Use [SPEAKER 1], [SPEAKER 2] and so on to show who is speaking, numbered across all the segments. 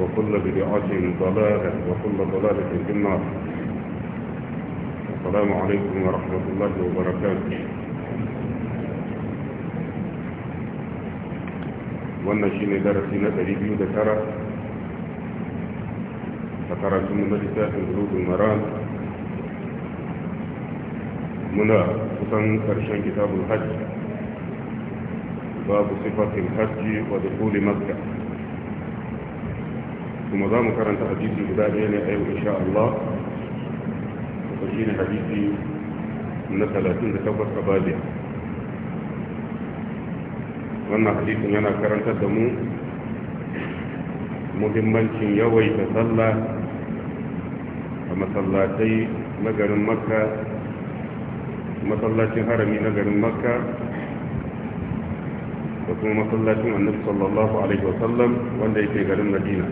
[SPEAKER 1] وكل بدعه ضلالة وكل ضلالة في النار السلام عليكم ورحمة الله وبركاته وانا شيني درسينا تريبي ذكرى ذكرى ثم مجلسة من قلوب المران منا كتن كرشان كتاب الحج باب صفات الحج ودخول مكة kuma za mu karanta hadisi guda ɗaya ne a yau insha Allah ko shi ne hadisi na talatin da tabbas a babiya wannan hadisin yana karantar da mu muhimmancin yawaita sallah a masallatai na garin makka masallacin harami na garin makka da kuma masallacin annabi sallallahu alaihi wasallam wanda yake garin madina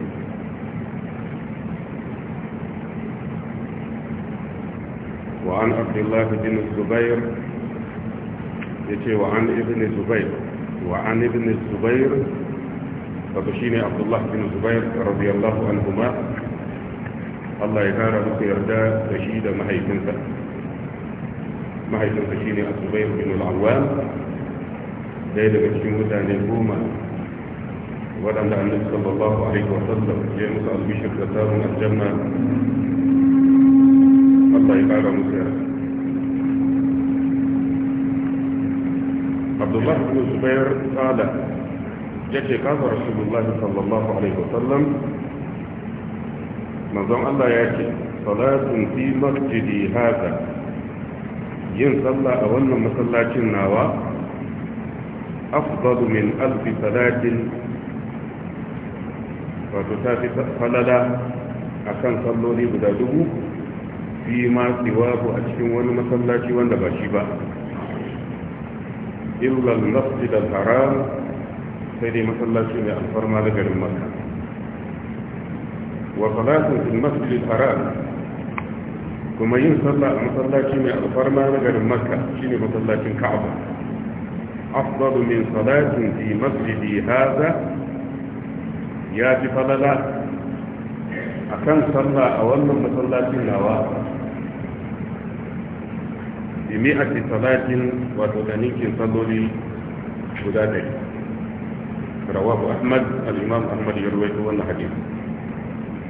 [SPEAKER 1] وعن عبد الله بن الزبير يتي وعن ابن الزبير وعن ابن الزبير فبشيني عبد الله بن الزبير رضي الله عنهما الله يهارى بك يرداء تشيد مهيتنسا مهيتنسا شيني الزبير بن العوام ليلة بشمودة نبوما ولم النبي صلى الله عليه وسلم جاء مسأل بشكل تارون الجنة الله يقال مسأل abdullahi bin zubair kala ya ce kasa rasulullahi sallallahu alaihi wasallam manzon Allah ya ce salatun fi masjidi haka yin
[SPEAKER 2] sallah a wannan masallacin nawa afdalu min alfi salatin wato ta fi falala a kan salloli guda dubu fi ma siwaku a cikin wani masallaci wanda ba shi ba illa al-masjid al-haram
[SPEAKER 1] sai dai masallaci ne alfarma da garin makka wa salatu fil masjid al-haram kuma yin sallah a masallaci ne alfarma na garin
[SPEAKER 2] makka shine masallacin ka'aba afdalu min salatin fi masjidi hadha ya fi falala akan sallah a wannan masallacin nawa bi mi'ati salatin wato da ninkin salloli guda Rawa rawahu ahmad a imam ahmad ya rawaito wannan hadisi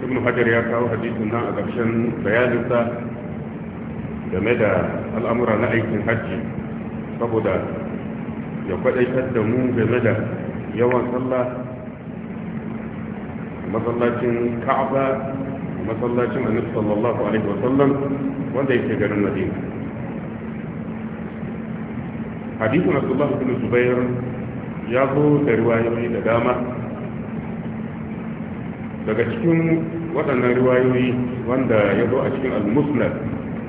[SPEAKER 2] ibn hajar ya kawo hadisin nan a ƙarshen bayaninsa game da al'amura na aikin hajji saboda ya kwaɗaitar da mu game da yawan sallah masallacin ka'aba
[SPEAKER 1] masallacin annabi sallallahu alaihi Sallam, wanda yake garin madina
[SPEAKER 2] hadisin abdullahi bin zubair ya zo da riwayoyi da dama daga cikin waɗannan riwayoyi wanda ya zo a cikin al-musnad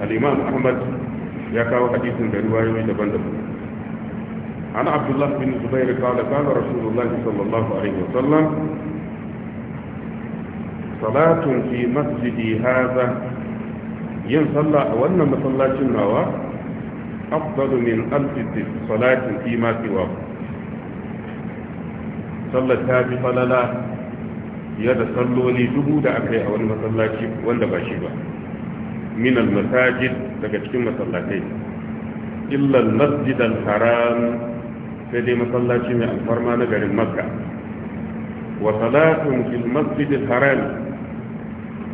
[SPEAKER 2] al-imam ahmad ya kawo hadisin da riwayoyi daban-daban Ana Abdullahi bin zubair زبير da قال رسول sallallahu
[SPEAKER 1] alaihi الله عليه fi صلاة في مسجدي
[SPEAKER 2] yin sallah a wannan masallacin nawa afdalu min alfi salatin fi ma sallar ta fi falala ya da salloli dubu da aka yi a wani masallaci wanda ba shi ba min al daga cikin masallatai illa al-masjid al-haram sai dai masallaci mai alfarma na garin wa haram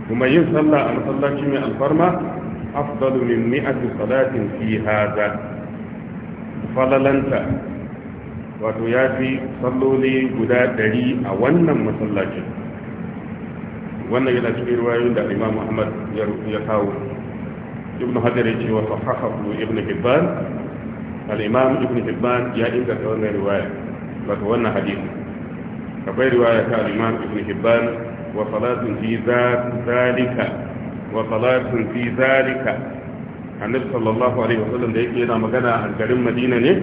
[SPEAKER 2] kuma yin sallah a masallaci mai alfarma afdalu min mi'ati salatin fi hadha falalanta wato ya fi salloli guda ɗari a wannan masallacin wannan yana cikin ruwayoyin da imam muhammad ya kawo ibn hajar ya ce wa sahahahu ibn hibban al-imam ibn hibban ya inganta wannan riwaya wato wannan hadisi akwai riwaya ta al-imam ibn hibban wa salatun fi zalika wa salatun fi zalika annabi sallallahu alaihi wasallam da yake yana magana a garin madina ne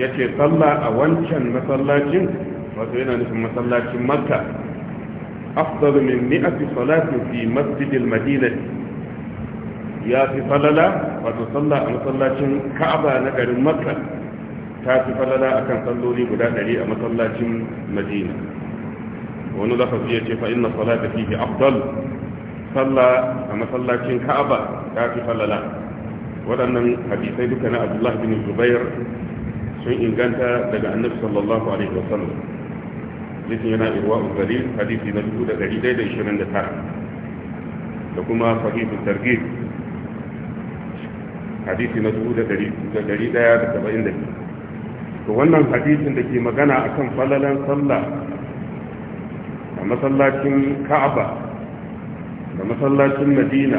[SPEAKER 2] yace sallah a wancan masallacin wato yana nufin masallacin makka afdalu min mi'ati salatin fi masjidil madina ya fi falala wato sallah a masallacin ka'aba na garin makka ta fi falala akan salloli guda ɗari a masallacin madina wani lafazi ya ce fa inna salata fihi afdal sallah a masallacin ka'aba ta fi fallala. waɗannan hadisai duka na abdullah bin zubair sun inganta daga annabi sallallahu alaihi wa sallam. hadisin yana irwa uzari hadisi na 1129 da kuma sahihu targhib hadisi na 1172 to wannan hadisin da ke magana akan falalan sallah a masallacin ka'aba da masallacin madina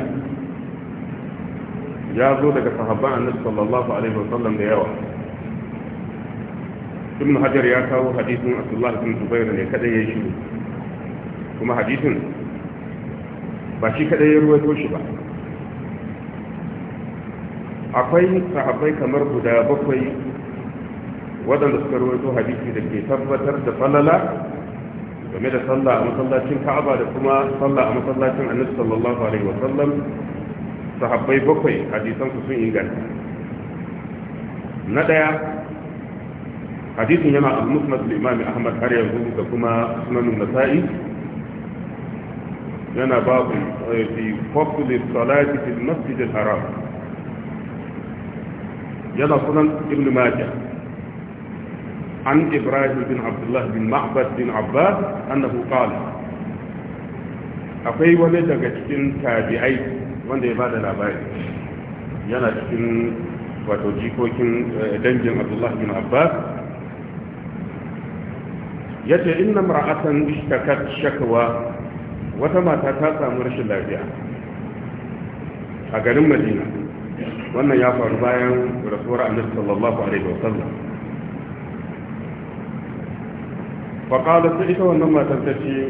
[SPEAKER 2] ya zo daga sahabban annabi sallallahu alaihi wasallam da yawa ibn hajar ya kawo hadisin Abdullahi bin zubair ne kadai ya shi kuma hadisin ba shi kadai ya ruwaito shi ba akwai sahabbai kamar guda bakwai waɗanda suka ruwaito hadisi da ke tabbatar da falala game da sallah a masallacin ka'aba da kuma sallah a masallacin annabi sallallahu alaihi wa sallam sahabbai bakwai hadisan su sun inganta na daya hadisin yana al-musnad al-imam ahmad har yanzu da kuma sunan nasa'i yana babu eh, fi fadl salati fi al-masjid al-haram yana sunan ibnu majah عن إبراهيم بن عبد الله بن معبد بن عباس أنه قال akwai wani daga cikin tabi'ai wanda ya bada labari yana cikin wato jikokin dangin abdullahi bin abbas ya ce inna mara'atan ishtakat shakawa wata mata ta samu rashin lafiya a garin madina wannan ya faru bayan rasuwar annabi sallallahu alaihi wasallam faƙalar su ita wannan matan ta ce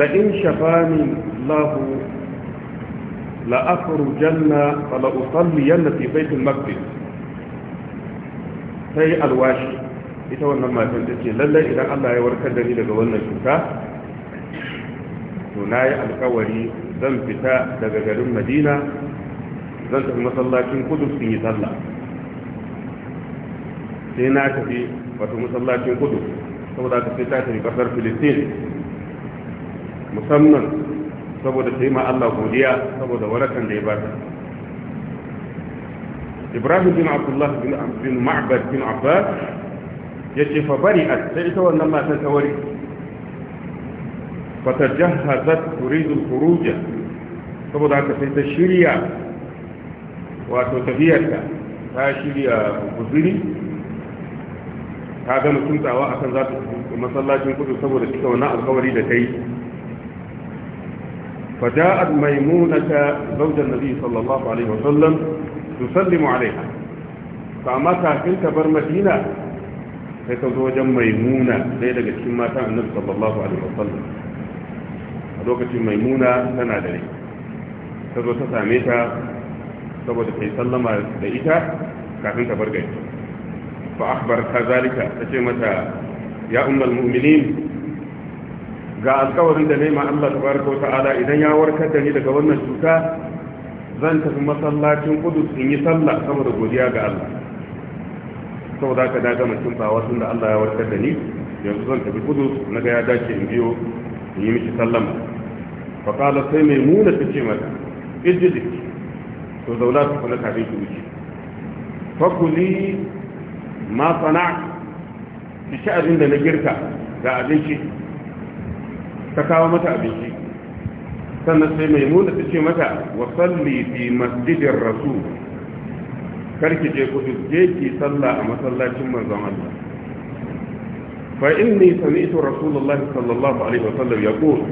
[SPEAKER 2] la'in shafani lahu la'afaru janna fala'usalli yanna fi baitin maktis ta yi alwashi ita wannan matan ta ce lallai idan allah ya warkar da ni daga wannan cuta to na yi alkawari zan fita daga garin madina zan tafi masallacin kudus in yi sallah sai na tafi wato masallacin kudu saboda ka sai ta tafi kasar filistin musamman saboda ta yi ma Allah godiya saboda warakan da ya bata ibrahim bin abdullah bin ma'bad bin abbas ya ce fa bari a sai ita wannan matan ta wari fata jahazat turidul khuruja saboda haka sai ta shirya wato tafiyarta ta shirya guzuri ka gama tuntawa akan za ta masallacin kudu saboda cika wani alkawari da ta yi fada a maimuna ta zaujen sallallahu alaihi wasallam su sallimu alaiha ta mata fin ta bar madina sai ka zo wajen maimuna ɗaya daga cikin mata a nan sallallahu alaihi wasallam a lokacin maimuna tana da ne ta zo ta same ta saboda ta yi sallama da ita kafin ta bar gari fa akhbarta zalika tace mata ya ummul mu'minin ga alƙawarin da nema Allah tabaraka wa ta'ala idan ya warkar da ni daga wannan cuta zan tafi masallacin Qudus in yi sallah saboda godiya ga Allah saboda ka daga mutum ba wasu da Allah ya warkar da ni yanzu zan tafi Qudus naga ya dace in biyo in yi miki sallama fa qala sai mai muna tace mata ijdi to zauna ku na kafin ki wuce Fa fakuli ma sana ki ci abin da na girka ga abinci ta kawo mata abinci sannan sai mai muna ta ce mata wa salli fi masjidin rasul karki je kudu je ki salla a masallacin manzon Allah fa inni sami'tu rasulullah sallallahu alaihi wasallam yaqul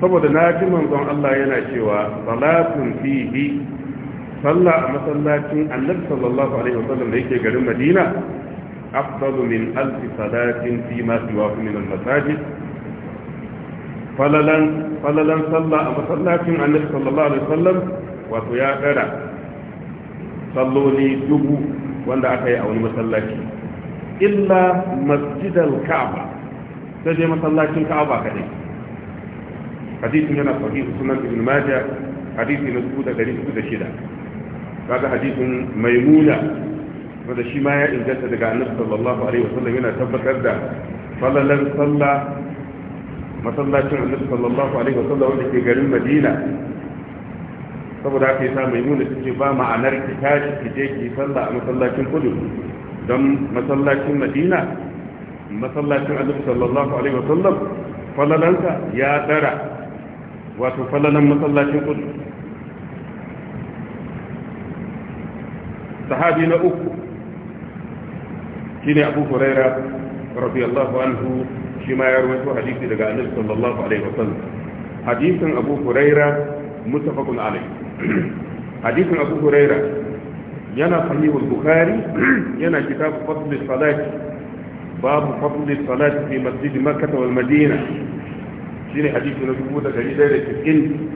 [SPEAKER 2] saboda na ji manzon Allah yana cewa salatun fihi sallah a masallacin annabi sallallahu alaihi wasallam da yake garin madina afdalu min alf salatin fi ma siwa min al-masajid falalan falalan sallah a masallacin annabi sallallahu alaihi wasallam wato ya dara salloli dubu wanda aka yi a wani masallaci illa masjidal ka'aba sai dai masallacin ka'aba kadai hadisin yana sahihu sunan ibn majah hadisi na 1606 kaga hadisin maimuna wanda shi ma ya inganta daga annabi sallallahu alaihi wasallam yana tabbatar da falalar sallah masallacin annabi sallallahu alaihi wasallam wanda ke garin madina saboda haka yasa maimuna take ba ma'anar ki tashi ki je ki sallah a masallacin kudu don masallacin madina masallacin annabi sallallahu alaihi wasallam falalansa ya dara wato falalan masallacin kudu صحابي لا أوك كني أبو هريرة رضي الله عنه شما يروي حديث لقى النبي صلى الله عليه وسلم حديث أبو هريرة متفق عليه حديث أبو هريرة ينا صحيح البخاري ينا كتاب فضل الصلاة باب فضل الصلاة في مسجد مكة والمدينة شنو حديث نبوة كريدة لتسكين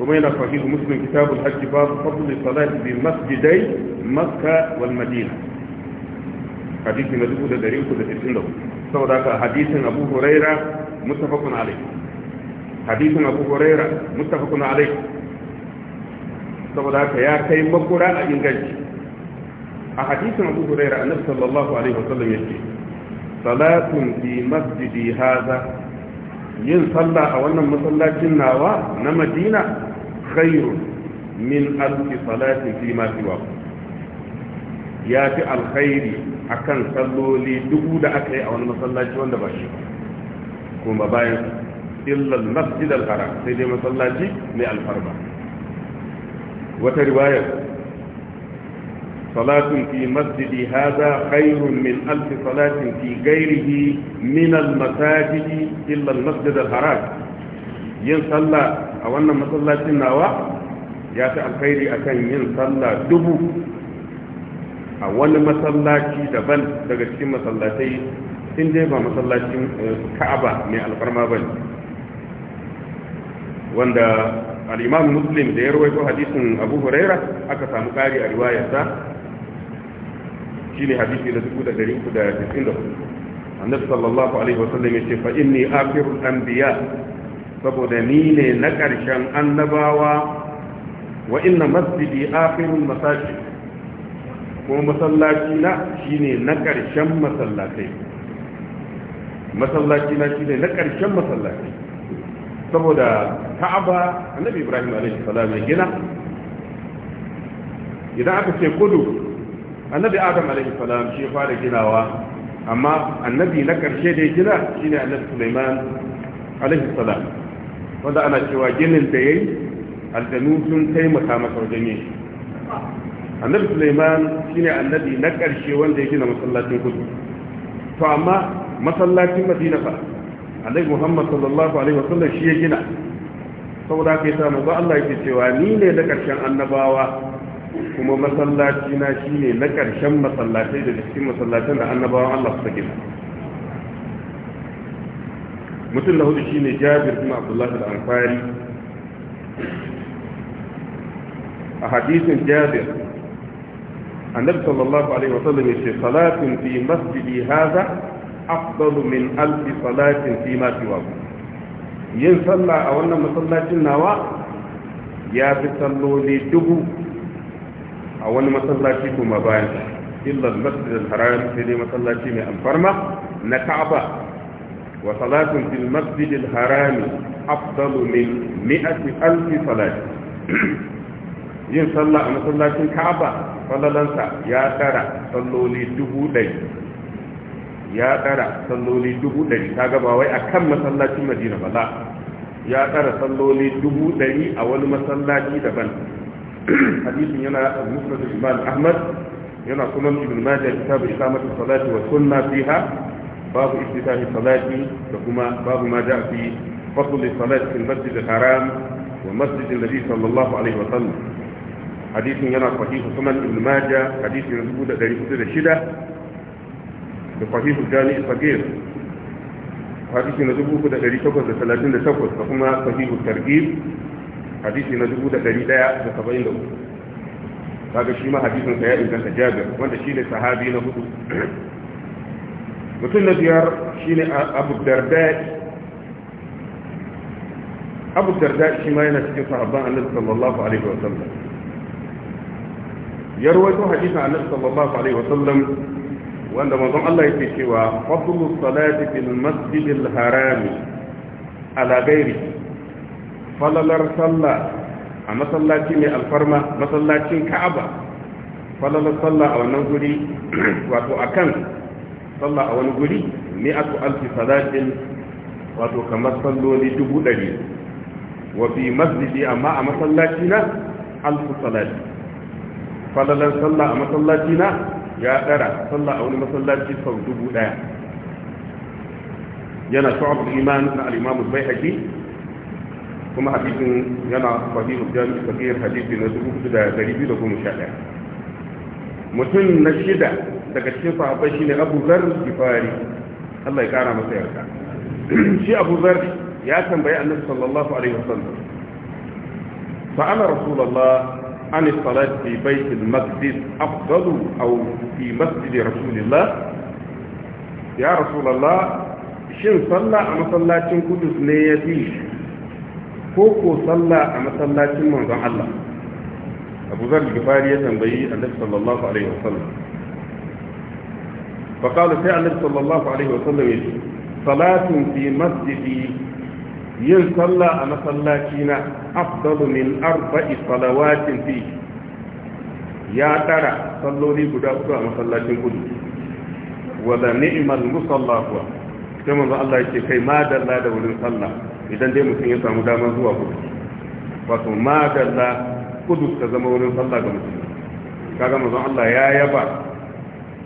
[SPEAKER 2] ومن أخرجه مسلم كتاب الحج باب فضل صلاة بمسجدي مكة والمدينة حديث من ذلك دريو كده تسين له سوى ذاك حديث أبو هريرة متفق عليه حديث أبو هريرة متفق عليه سوى ذاك يا كي مكورا ينجج حديث أبو هريرة نفس صلى الله عليه وسلم يقول. صلاة في مسجدي هذا yin sallah a wannan masallacin nawa na madina khairun min alfi salatin fi ma siwa ya fi alkhairi akan salloli dubu da aka yi a wani masallaci wanda ba shi kuma bayan illal masjid al-haram sai dai masallaci mai alfarba. wata riwayar صلاة في مسجد هذا خير من ألف صلاة في غيره من المساجد إلا المسجد الحرام yin sallah a wannan masallacin nawa ya fi alkhairi akan yin sallah dubu a wani masallaci daban daga cikin masallatai in dai ba masallacin ka'aba mai alfarma ba wanda al'imam muslim da ya rawaito hadisin abu huraira aka samu kari a riwayarsa shine hadisi na 1394 annabi sallallahu alaihi wasallam ce fa inni akhirul anbiya saboda ni ne na karshen annabawa wa inna masjidi akhirul masajid kuma masallaci na shine na karshen masallatai masallaci na shine na karshen masallatai saboda ka'aba annabi ibrahim alaihi salam ya gina idan aka ce kudu annabi adam alaihi salam shi fara ginawa amma annabi na karshe da ya gina shine annabi sulaiman alaihi salam wanda ana cewa ginin da yayi aljanu sun taimaka masa wajen yin annabi sulaiman shine annabi na karshe wanda ya gina masallacin kudu to amma masallacin madina fa annabi muhammad sallallahu alaihi wasallam shi ya gina saboda haka yasa manzo Allah yake cewa ni ne na karshen annabawa kuma masallaci na shine na ƙarshen masallatai da cikin masallatan da annabawan Allah suka gina mutum na hudu shine Jabir kuma Abdullah da ansari a hadisin Jabir annabi sallallahu alaihi wa sallam yace Salatin fi masjidi hadha afdalu min alf salatin fi ma siwahu yin sallah a wannan masallacin nawa ya fi salloli dubu a wani masallaci kuma bayan illa masjid al-haram sai dai masallaci mai alfarma na ka'aba wa salatun fil masjid al-haram afdalu min mi'ati alf salat yin sallah a masallacin ka'aba fallalansa ya tsara salloli dubu ɗari ya tsara salloli dubu ɗari ta gaba wai a kan masallacin madina Bala. ya tsara salloli dubu ɗari a wani masallaci daban حديث ينا المسند الإمام أحمد ينا سنن ابن ماجه كتاب إقامة الصلاة والسنة فيها باب افتتاح الصلاة وكما باب ما جاء في فصل الصلاة في المسجد الحرام ومسجد النبي صلى الله عليه وسلم حديث ينا صحيح سنن ابن ماجه حديث ينبود دري كتير الشدة بصحيح الجامع الصغير حديث ينا كتير دري تقوز ثلاثين تقوز فهما صحيح الترغيب hadisi na dubu da dari daya da saba'in da uku kaga shi ma hadisin sa ya inganta jabir wanda shi ne sahabi na hudu mutum na biyar shi ne abu darda abu darda shi ma yana cikin sahabban annabi sallallahu alaihi wa sallam ya rawaito hadisin annabi sallallahu alaihi wa sallam wanda manzon Allah yake cewa fadlu salati fil masjidil harami ala ghairihi falalar sallah a masallaci mai alfarma masallacin ka'aba falalar sallah a wannan guri wato akan sallah a wani guri ne aku alfi sadakin wato kamar salloli dubu ɗari wa fi masjidi amma a masallaci na alfu salati falalar sallah a masallaci na ya ɗara sallah a wani masallaci sau dubu ɗaya yana shu'ab iman na al-imam al-baihaqi kuma hadisin yana sahihu jami sahihar hadisi na da da dari 4211 mutum na shida daga cikin sahabbai shine Abu Zar Gifari Allah ya kara masa yarda shi Abu Zar ya tambayi Annabi sallallahu alaihi wasallam fa ana rasulullah عن الصلاة في بيت المسجد أفضل أو في مسجد رسول الله يا رسول الله شن صلى أم صلاة قدس نيتي ko ko sallah a masallacin manzon Allah abu zar gifari ya tambayi annabi sallallahu alaihi wasallam fa qala sai annabi sallallahu alaihi wasallam yace salatun fi masjidi yin sallah a masallacina afdalu min arba'i salawatin fi ya tara salloli guda uku a masallacin kudu wala ni'mal musalla kuwa sai manzo Allah yake kai ma dalla da wurin sallah idan dai mutum ya samu damar zuwa Kudu, wato magalla Kudu ta zama wurin sallah ga mutum Ka ga mazan Allah ya yaba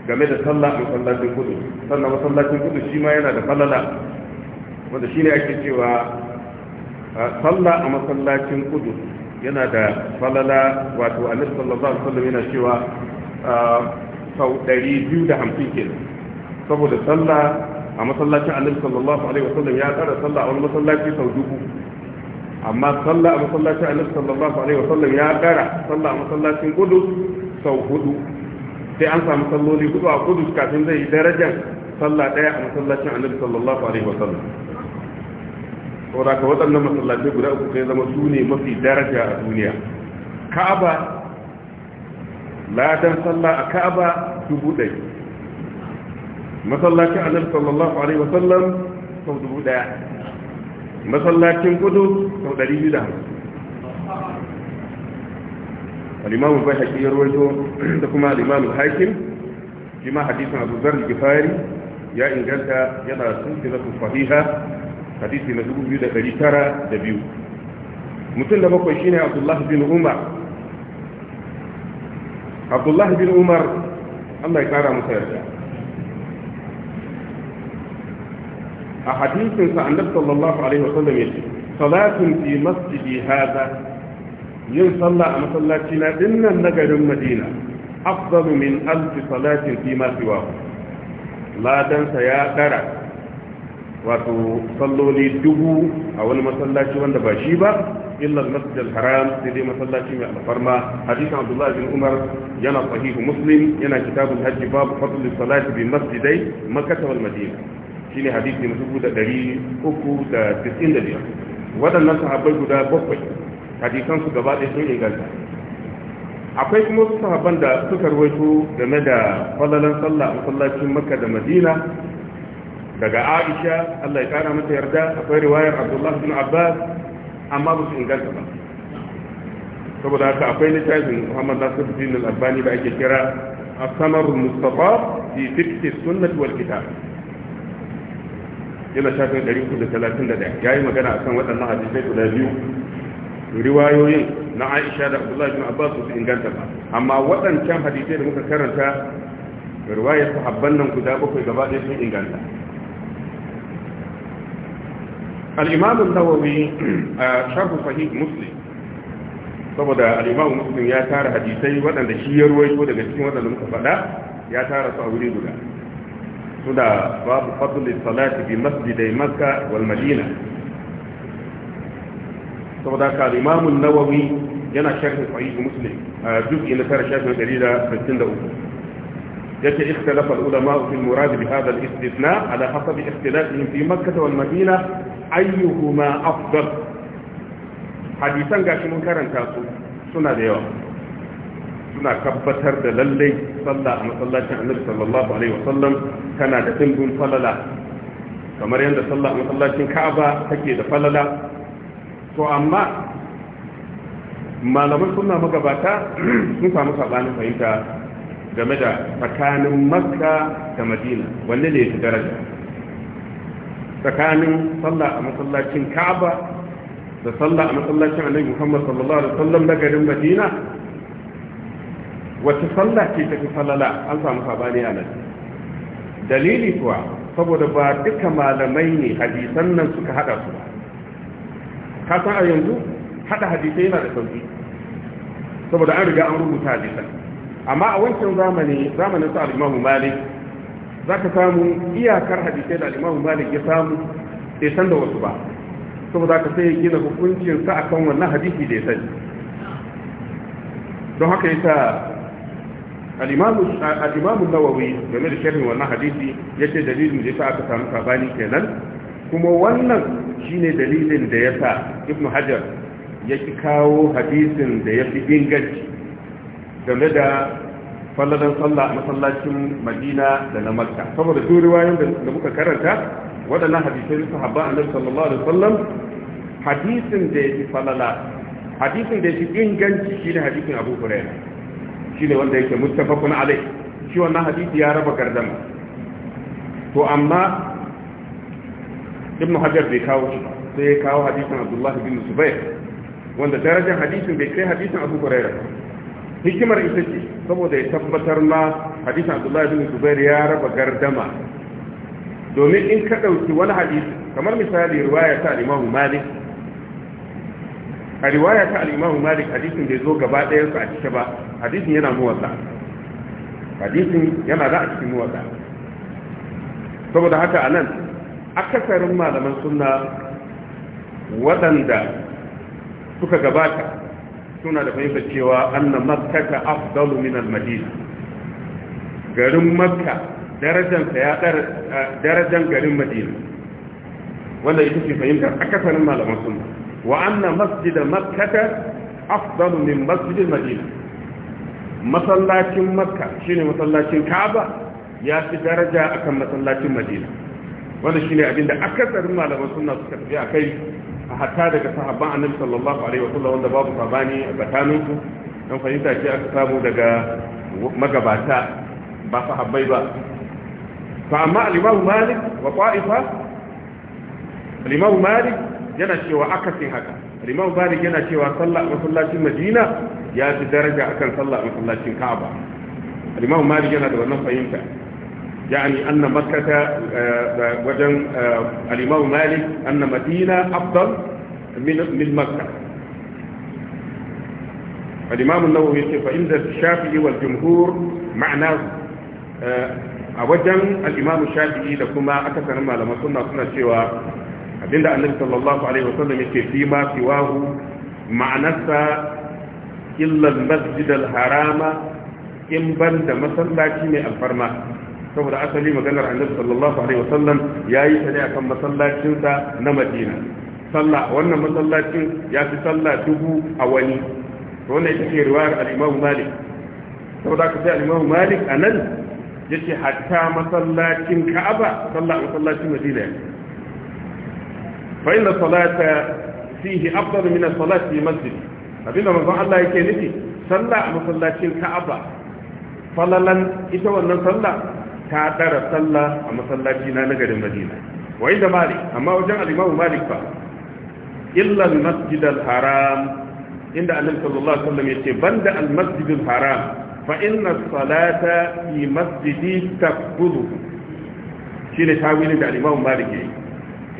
[SPEAKER 2] game da sallah a masallacin kudu sannan masallacin Kudu shi ma yana da falala wanda shi ne ake cewa sallah a masallacin Kudu yana da falala wato annabi sallallahu alaihi wasallam yana cewa sau 250 kenan saboda sallah a masallacin annabi sallallahu alaihi wasallam ya tsara sallah a wani masallaci sau dubu amma sallah a masallacin annabi sallallahu alaihi wasallam ya tsara sallah a masallacin gudu sau hudu sai an samu salloli hudu a gudu kafin zai yi darajar sallah ɗaya a masallacin annabi sallallahu alaihi wasallam saboda ka waɗannan masallaci guda uku sai zama su ne mafi daraja a duniya ka'aba ladan sallah a ka'aba dubu ɗaya. masallacin annabi sallallahu alaihi wasallam sau dubu daya masallacin kudu sau dari biyu da hamsin al'imamu bai haƙi ya ruwaito da kuma al'imamu hakim shi ma hadisun abu zar gifari ya inganta yana sun fi zafi fahiha hadisi na dubu biyu da ɗari tara da biyu mutum da bakwai shine abdullah bin umar abdullah bin umar allah ya kara musa yarda a hadisin sa annabi sallallahu alaihi wasallam yace salatun fi masjidi hada yin sallah a masallaci na dinnan na garin madina afdalu min alf salatin fi ma siwa ladan sa ya dara wato salloli dubu a wani masallaci wanda ba shi ba إلا المسجد الحرام masallaci mai alfarma. الفرما حديث bin Umar, yana عمر Muslim, yana مسلم Hajji Babu الهج باب فضل الصلاة بمسجدي مكة madina. shine hadisi na dubu da ɗari uku da tisin da biyar waɗannan sahabbai guda bakwai hadisansu gaba ɗaya sun inganta akwai kuma wasu sahabban da suka rawaito game da falalan sallah a masallacin makka da madina daga aisha allah ya kara mata yarda akwai riwayar abdullahi bin abbas amma ba su inganta ba saboda haka akwai littafin muhammad nasir bin al-albani da ake kira asamar mustafa fi fiqh sunnah wal kitab yana shafin 331 ya yi magana a kan waɗannan hadisai guda biyu riwayoyin na aisha da abdullahi bin abbas su su inganta ba amma waɗancan hadisai da muka karanta riwayar sahabban nan guda bakwai gaba ɗaya sun inganta al-imam an-nawawi a sharh sahih muslim saboda al-imam ya tara hadisai waɗanda shi ya ruwaito daga cikin waɗanda muka faɗa ya tara su a wuri guda هنا باب فضل الصلاة في مسجد مكة والمدينة سودا قال إمام النووي جنا شيخ صحيح مسلم آه، جزء إن ترى شيخ جديد في السنة يتي اختلف العلماء في المراد بهذا الاستثناء على حسب اختلافهم في مكة والمدينة أيهما أفضل حديثا قاشم كارن كاسو سنة ديوه suna kabbatar da lallai sallah a masallacin annabi sallallahu alaihi wasallam tana da dimbin falala kamar yadda sallah a masallacin ka'aba take da falala to amma malaman suna magabata sun samu sabanin fahimta game da tsakanin makka da madina wanne ne ya daraja tsakanin sallah a masallacin ka'aba da sallah a masallacin annabi muhammad sallallahu alaihi wasallam na garin madina wata sallah ce tafi falala an samu sabani a nan dalili kuwa saboda ba duka malamai ne hadisan nan suka hada su ka san a yanzu hada hadisai yana da sauki saboda an riga an rubuta hadisan amma a wancan zamani zamanin sa al-Imam Malik zaka samu iyakar hadisai da al-Imam Malik ya samu sai san da wasu ba saboda ka sai gina hukuncin sa akan wannan hadisi da ya sani don haka yasa al-imamu nawawi game da sharhin wannan hadisi yace dalilin da yasa aka samu sabani kenan kuma wannan shine dalilin da yasa ibnu hajar yake kawo hadisin da yafi inganci game da falladan sallah a masallacin madina da na makka saboda duk riwayoyin da muka karanta waɗannan hadisai na sahabba annabi sallallahu alaihi wasallam hadisin da yafi falala hadisin da yafi inganci shine hadisin abu hurairah shine wanda yake muttafaqun alai shi wannan hadisi ya raba gardama to amma ibn hajar bai kawo shi sai ya kawo hadisin abdullahi bin zubair wanda darajar hadisin bai kai hadisin abu hurairah hikimar ita ce saboda ya tabbatar ma hadisin abdullahi bin zubair ya raba gardama domin in ka ɗauki wani hadisi kamar misali ruwaya ta al malik a riwaya ta al’imamu Malik hadisin bai zo gaba ɗaya su a cike ba hadisin yana muwasa hadisin yana da a cikin muwasa saboda haka a nan, akasarin malaman suna waɗanda suka gabata suna da fahimtar cewa anna ta afdalu min al-madina garin makka darajar ta ya eh, darajar garin madina wanda ita ce fahimtar akasarin malaman sunna wa masjida masjid makkah afdalu min masjid madina masallacin makka shine masallacin kaba ya fi daraja akan masallacin madina wanda shine abinda akasarin malaman sunna suka tafi akai hatta daga sahabban annabi sallallahu alaihi wasallam wanda babu sabani a don fahimta ce aka samu daga magabata ba sahabbai ba fa amma al-imam malik wa malik yana cewa akasin haka limam malik yana cewa sallah a masallacin madina ya fi daraja akan sallah masallacin ka'aba limam malik yana da wannan fahimta يعني أن مكة وجن الإمام مالك أن مدينة أفضل من من مكة الإمام النووي فإن الشافعي والجمهور معناه أوجن الإمام الشافعي لكما أكثر ما لما كنا كنا سوى abinda annabi sallallahu alaihi wasallam yake fi ma siwahu ma'anarsa illa masjid al-harama in ban da masallaci mai alfarma saboda asali maganar annabi sallallahu alaihi wasallam yayi ta ne akan masallacinsa na Madina sallah wannan masallacin ya fi sallah dubu a wani wannan ita ce riwayar al-Imam Malik saboda ka sai al-Imam Malik anan yace hatta masallacin Ka'aba sallah masallacin Madina fa inna salata fihi afdalu min as-salati fi masjid abinda manzon Allah yake nufi sallah a masallacin Ka'aba falalan ita wannan sallah ta dara sallah a masallaci nagarin Madina wa inda Malik amma wajen al Malik fa illa al haram inda annabi sallallahu alaihi wasallam yace banda al-masjid al-haram fa inna as tawilin da al-Imam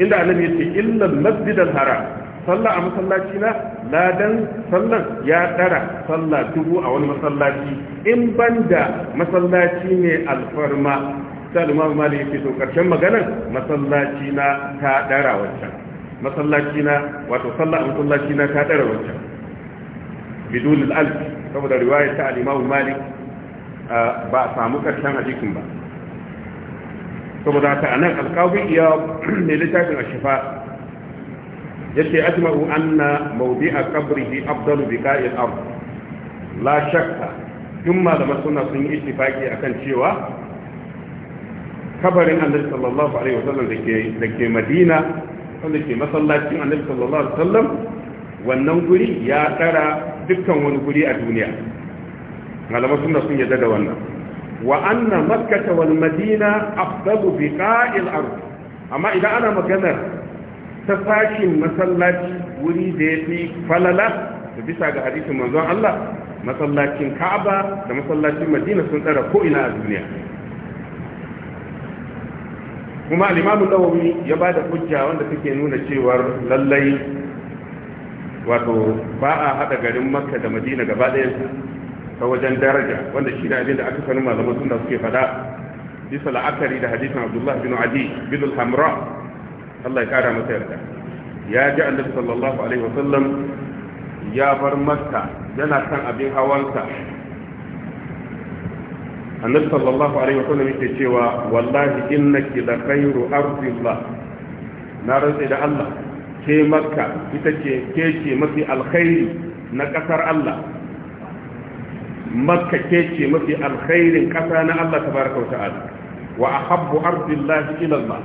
[SPEAKER 2] inda annabi yace illa masjid al-haram salla a masallaci na ladan sallar ya dara salla dubu a wani masallaci in banda masallaci ne alfarma sai Imam Malik yake to karshen maganar masallaci na ta dara wancan masallaci na wato salla a masallaci na ta dara wancan bidun al-alf saboda riwayar ta al-Imam Malik ba a samu karshen hadisin ba saboda haka anan alƙawin iya mai littafin a shifa ya ce ajma'u anna maudi a kabrihi abdalu bi ka'il ard la shakka tun malaman suna sun yi ittifaki akan cewa kabarin annabi sallallahu alaihi wasallam da ke da ke madina wanda ke masallacin annabi sallallahu alaihi wasallam wannan guri ya tsara dukkan wani guri a duniya malaman suna sun yadda da wannan wa'anna anna makkata wal madina afdalu biqa'il ard amma idan ana maganar ta fashin masallaci wuri da yafi falala da bisa ga hadisin manzon Allah masallacin Ka'aba da masallacin Madina sun tsara ko ina a duniya kuma al-Imam nawawi ya bada hujja wanda take nuna cewa lallai wato ba a hada garin Makka da Madina gaba ɗaya ta wajen daraja wanda shi da abin da aka sani malaman sunna suke fada bisa la'akari da hadisin Abdullahi bin adi bin al-hamra Allah ya kara masa yarda ya ji annabi sallallahu alaihi wasallam ya bar makka yana kan abin hawansa annabi sallallahu alaihi wasallam yake cewa wallahi innaki la khairu ardillah na rantsa da Allah ke makka ita ce ke ce mafi alkhairi na kasar Allah makka ke ce mafi alkhairin ƙasa na Allah Ta baraka wa ta'ala wa ahabbu ardillahi ila Allah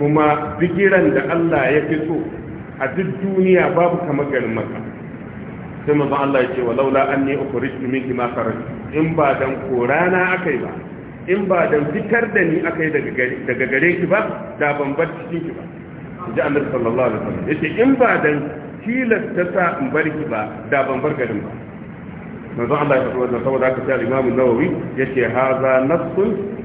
[SPEAKER 2] kuma bigiran da Allah ya fi so a duk duniya babu kamar garin makka sai manzo Allah ya ce wa laula anni ukhrijtu minki ma kharajtu in ba dan korana akai ba in ba dan fitar da ni akai daga gare daga gare ki ba da ban bar cikin ki ba ji Annabi sallallahu alaihi wasallam yace in ba dan tilasta sa in bar ki ba da ban bar garin ba manzo Allah ya faɗi wannan saboda haka sai al-Imam an-Nawawi yace haza nassun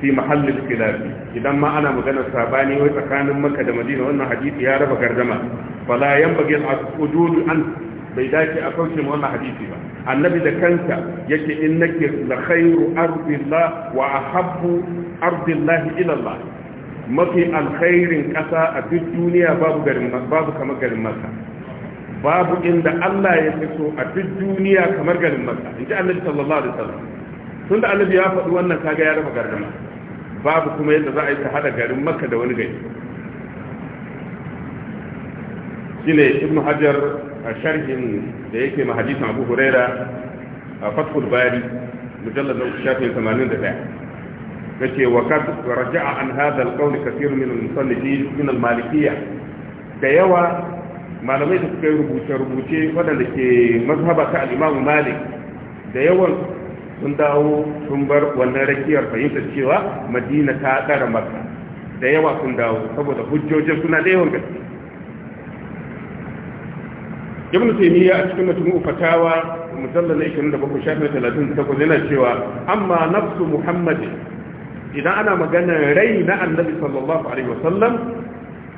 [SPEAKER 2] fi mahalli al idan ma ana magana sabani wai tsakanin Makka da Madina wannan hadisi ya raba gardama fala yanbaghi al-qududu an bai dace a kauce mu wannan hadisi ba annabi da kansa yake innaka la khairu ardillah wa ahabbu ardillah ila Allah mafi alkhairin kasa a duk duniya babu garin babu kamar garin Makka babu inda Allah ya fito a duk duniya kamar garin Makka in Annabi sallallahu alaihi wasallam tun da Annabi ya faɗi wannan kaga ya raba garin babu kuma yadda za a yi ta hada garin Makka da wani gari shine Ibn Hajar a sharhin da yake ma hadisin Abu Huraira a Fathul Bari mujallad shafin 81 yace wa kad raja'a an hadha al-qawl kathir min al-musannifin min al-malikiyya da yawa malamai da suka yi rubuce-rubuce waɗanda ke mazhaba ta al'imamu malik da yawan sun dawo sun bar wannan rakiyar fahimtar cewa madina ta ɗara maka da yawa sun dawo saboda hujjojin suna da yawan gaske ibn taymiya a cikin mutum fatawa na 27 shafi 38 yana cewa amma nafsu muhammadin idan ana magana rai na annabi sallallahu alaihi wasallam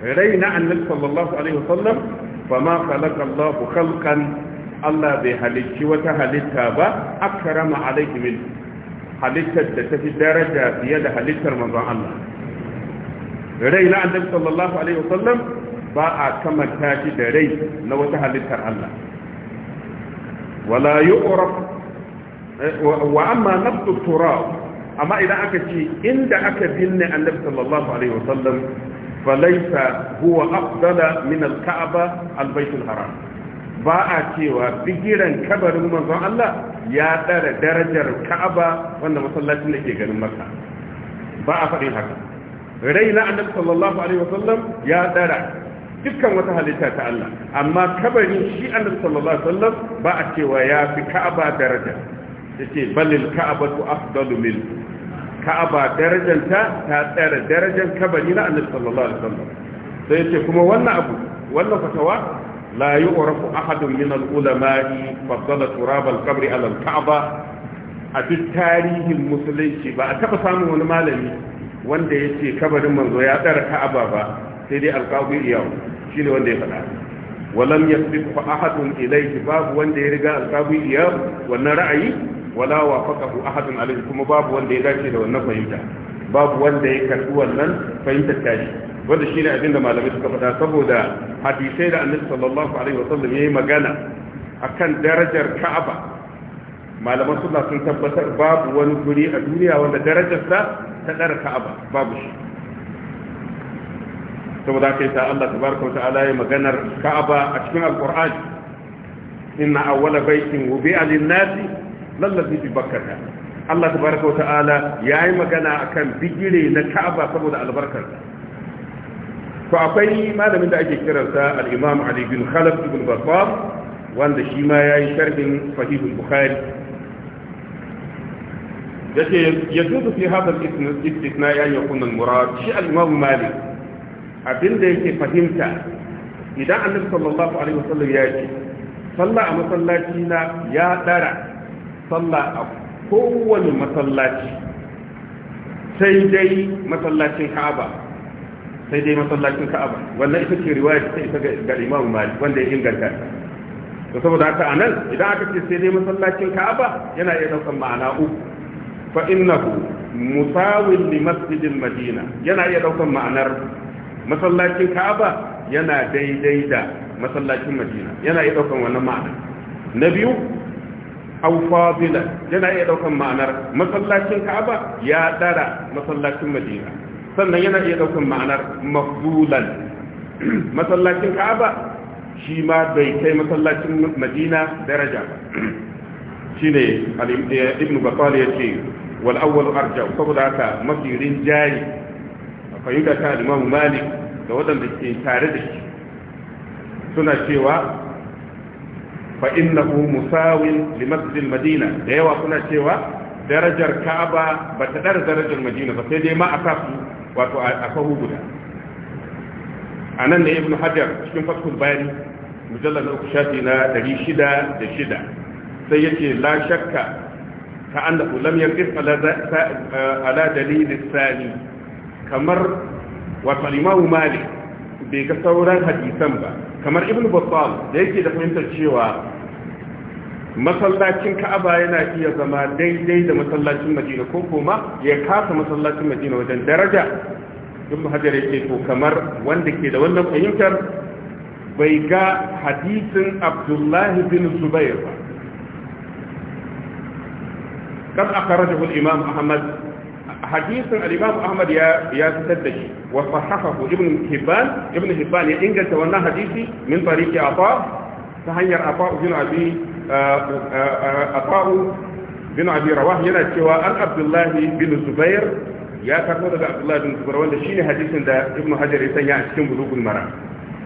[SPEAKER 2] rai na annabi sallallahu alaihi wasallam fa ma khalaqa Allahu khalqan Allah bai halicci wata halitta ba akrama alaihi min halittar da tafi daraja fiye da halittar manzon Allah rai na annabi sallallahu alaihi wasallam ba a kamanta shi da rai na wata halittar Allah wala yu'raf eh, wa amma nabtu turab amma idan aka ce inda aka binne annabi sallallahu alaihi falaisa huwa afdala min al-ka'aba al haram ba a cewa bigiran kabarin manzon Allah ya tsara darajar ka'aba wanda masallacin da ke ganin maka ba a faɗin haka rai na annabi sallallahu alaihi wasallam ya tsara dukkan wata halitta ta Allah amma kabarin shi annabi sallallahu alaihi wasallam ba a cewa ya fi ka'aba daraja yace balil ka'abatu afdalu min ka'aba darajanta ta tsara darajar kabari na annabi sallallahu alaihi wasallam sai yace kuma wannan abu wannan fatawa la yu'rafu ahadun min al-ulama'i faddala turab al-qabr ala al-ka'aba a duk tarihin musulunci ba a taba samun wani malami wanda yace kabarin manzo ya tsara ka'aba ba sai dai al-qadi iyawu shine wanda ya faɗa walam yasbiqu ahadun ilayhi babu wanda ya riga al-qadi iyawu wannan ra'ayi wala wafaqahu ahadun alayhi kuma babu wanda ya dace da wannan fahimta babu wanda ya karbi wannan fahimtar tashi wanda ne abin da malamai suka faɗa saboda hadisai da annabi sallallahu alaihi wasallam yi magana akan darajar Ka'aba malaman sunna sun tabbatar babu wani guri a duniya wanda darajarsa ta ɗara Ka'aba babu shi saboda kai ta Allah tabaraka wa ta'ala ya maganar Ka'aba a cikin Al-Qur'ani inna awwala baytin wubi'a lin-nasi lallabi bi bakkata Allah tabaraka wa ta'ala yi magana akan bigire na Ka'aba saboda albarkar to akwai malamin da ake kiransa Alimam imam Ali bin Khalaf ibn Battal wanda shi ma yayi sharhin Sahih al-Bukhari yace yajuzu fi hadha al-istithna ya yakun al-murad shi al-Imam Malik abinda yake fahimta idan Annabi sallallahu alaihi wasallam ya ce sallah a masallaci na ya dara sallah a kowane masallaci sai dai masallacin ka'aba sai dai masallacin ka'aba wannan ita ce riwaya ta isa ga imam malik wanda ya inganta to saboda haka anan idan aka ce sai dai masallacin ka'aba yana iya daukan ma'ana uku fa innahu musawil li masjidil madina yana iya daukan ma'anar masallacin ka'aba yana daidai da masallacin madina yana iya daukan wannan ma'ana na biyu aw fadila yana iya daukan ma'anar masallacin Ka'aba ya dara masallacin Madina sannan yana iya daukan ma'anar mafdulan masallacin Ka'aba shi ma bai kai masallacin Madina daraja ba shine eh, Ibn ya ce wal awwal arja saboda haka mafi rinjayi fahimta ta Imam Malik da waɗanda ke tare da shi suna cewa fa innahu musawin li masjid madina da yawa kuna cewa darajar ka'aba bata ɗara darajar madina ba sai dai ma aka su wato a sahu guda a nan da ibn hajar cikin fatkul bayani mujallar na uku shafi na 606 sai yace la shakka ka annahu lam yaqif ala dalil sani kamar wato imamu malik bai ga sauran hadisan ba kamar ibn battal da yake da fahimtar cewa masallacin ka'aba yana iya zama daidai da masallacin madina ko kuma ya kasa masallacin madina wajen daraja ibn hajar yake to kamar wanda ke da wannan fahimtar bai ga hadisin abdullahi bin zubair ba kan akhrajahu imam ahmad hadisin al-imam ahmad ya ya fitar da shi wa sahahahu ibn hibban ibn hibban ya inganta wannan hadisi min tariqi afa ta hanyar afa ibn abi uh, uh, uh, afa bin abi rawah yana cewa an abdullahi bin zubair ya karɓo daga abdullahi bin zubair wanda shine hadisin da ibn hajar ya sanya a cikin bulugul maram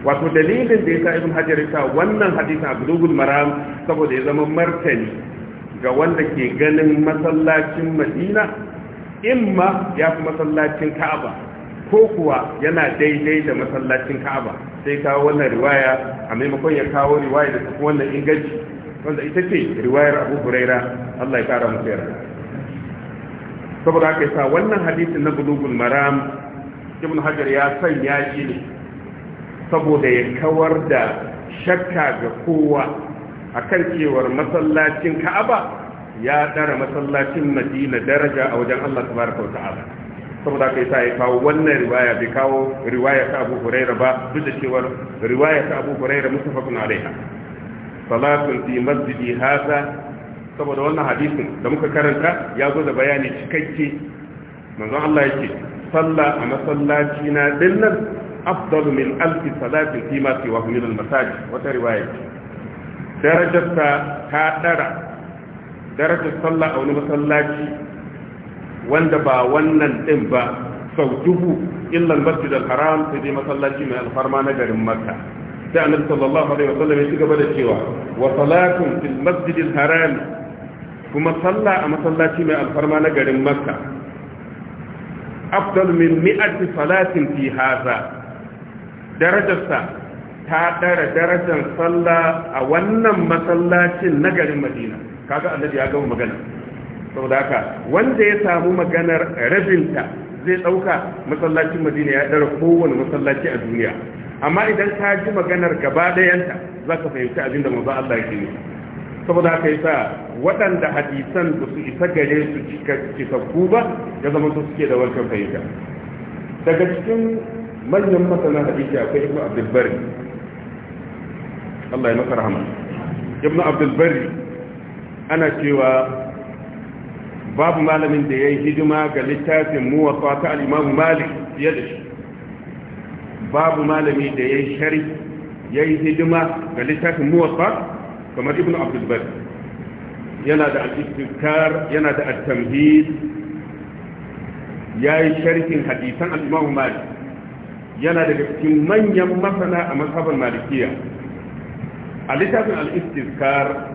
[SPEAKER 2] wato dalilin da ya sa ibn hajar ya sa wannan hadisin a bulugul maram saboda ya zama martani ga wanda ke ganin masallacin madina imma ya fi masallacin ka'aba ko kuwa yana daidai da masallacin ka'aba sai kawo wannan riwaya a maimakon ya kawo riwaya da kuma wannan inganci wanda ita ce riwayar abu huraira allah ya kara musu yarda saboda haka yasa wannan hadisin na bulugun maram ibn hajar ya sanya shi ne saboda ya kawar da shakka ga kowa akan cewar masallacin ka'aba ya dara masallacin madina daraja a wajen Allah tabaraka wa ta'ala saboda kai sai ya kawo wannan riwaya bai kawo riwaya ta Abu Hurairah ba duk da cewa riwaya ta Abu Hurairah mutafaqun alaiha salatun fi masjidi hadha saboda wannan hadisin da muka karanta ya zo da bayani cikakke manzon Allah yake salla a masallaci na dinnan afdalu min alfi salatin fi ma wa min al-masajid wata riwaya darajarta ta dara darajar sallah a wani masallaci wanda ba wannan ɗin ba sau dubu illan masjid al-haram sai dai masallaci mai alfarma na garin makka sai annabi sallallahu alaihi wa wasallam ya gaba da cewa wa salatun fil masjid haram kuma sallah a masallaci mai alfarma na garin makka afdal min mi'ati salatin fi haza darajarsa ta ɗara darajar sallah a wannan masallacin na garin madina kaga annabi ya gama magana saboda haka wanda ya samu maganar rabinta zai ɗauka masallacin madina ya ɗara kowane masallaci a duniya amma idan ka ji maganar gaba ɗayanta za ka fahimci abin da manzo Allah ya yi saboda haka yasa waɗanda hadisan ba su isa gare su cikakku ba ya zama su suke da wancan fahimta daga cikin manyan masana hadisi akwai ibnu abdul bari Allah ya masa rahama ibnu abdul bari ana cewa babu malamin da ya yi hidima ga littafin muwafa ta al'imamu malik fiye da shi babu malami da ya yi shari ya yi hidima ga littafin muwafa kamar ibn abdulbar yana da al'istikar yana da al'amhid ya yi sharikin hadisan al'imamu malik yana daga cikin manyan masana a mazhabar malikiya a littafin al'istikar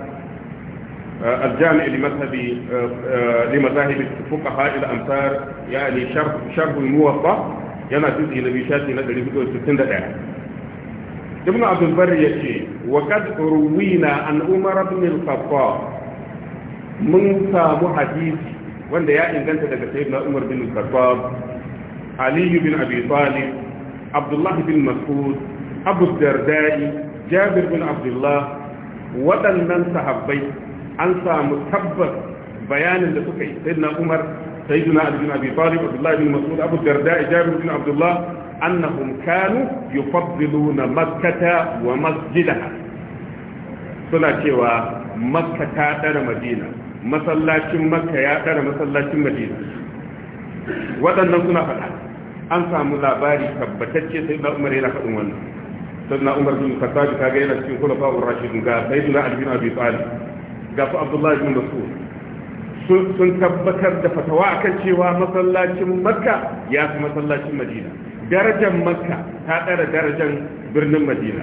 [SPEAKER 2] آه، الجامع لمذهب آه، آه، لمذاهب الفقهاء الامثال يعني شرح شرح الموطا يانا جزء نبيشات ندري بدو ابن عبد البر يشي وقد روينا عن عمر بن الخطاب من سامو حديث وند يا ان كانت سيدنا عمر بن الخطاب علي بن ابي طالب عبد الله بن مسعود ابو الدرداء جابر بن عبد الله ودن من صحابي an samu tabbas bayanin da suka yi sayyidina umar sayyidina ali bin abi talib Abdullahi, bin mas'ud abu darda jabir bin abdullah annahum kanu yufaddiluna makkata wa masjidaha suna cewa makka ta dara madina masallacin makka ya dara masallacin madina waɗannan suna faɗa an samu labari tabbatacce sai da umar yana faɗin wannan sai na umar bin khattabi kaga yana cikin kula fa'ur rashidun ga sai da albina bi talib gafi abdullahi bin sun tabbatar da fatawa akan cewa masallacin makka ya fi masallacin madina darajar makka ta ɗara darajar birnin madina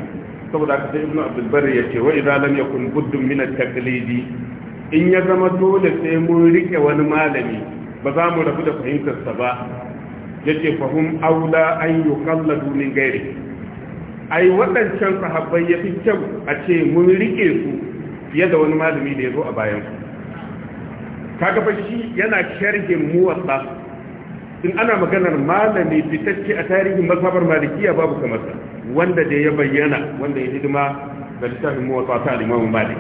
[SPEAKER 2] saboda haka sai ibnu abdul bari ya ce wa lam yakun buddun min at in ya zama dole sai mun rike wani malami ba za mu rabu da fahimtarsa ba yace fahum aula an yuqalladu min ghairi ai waɗancan sahabbai ya fi kyau a ce mun rike su fiye da wani malami da ya zo a bayan su kaga fa shi yana sharhin muwatta in ana maganar malami fitacce a tarihin mazhabar malikiya babu kamar sa wanda da ya bayyana wanda ya hidima da littafin muwatta ta al-Imam Malik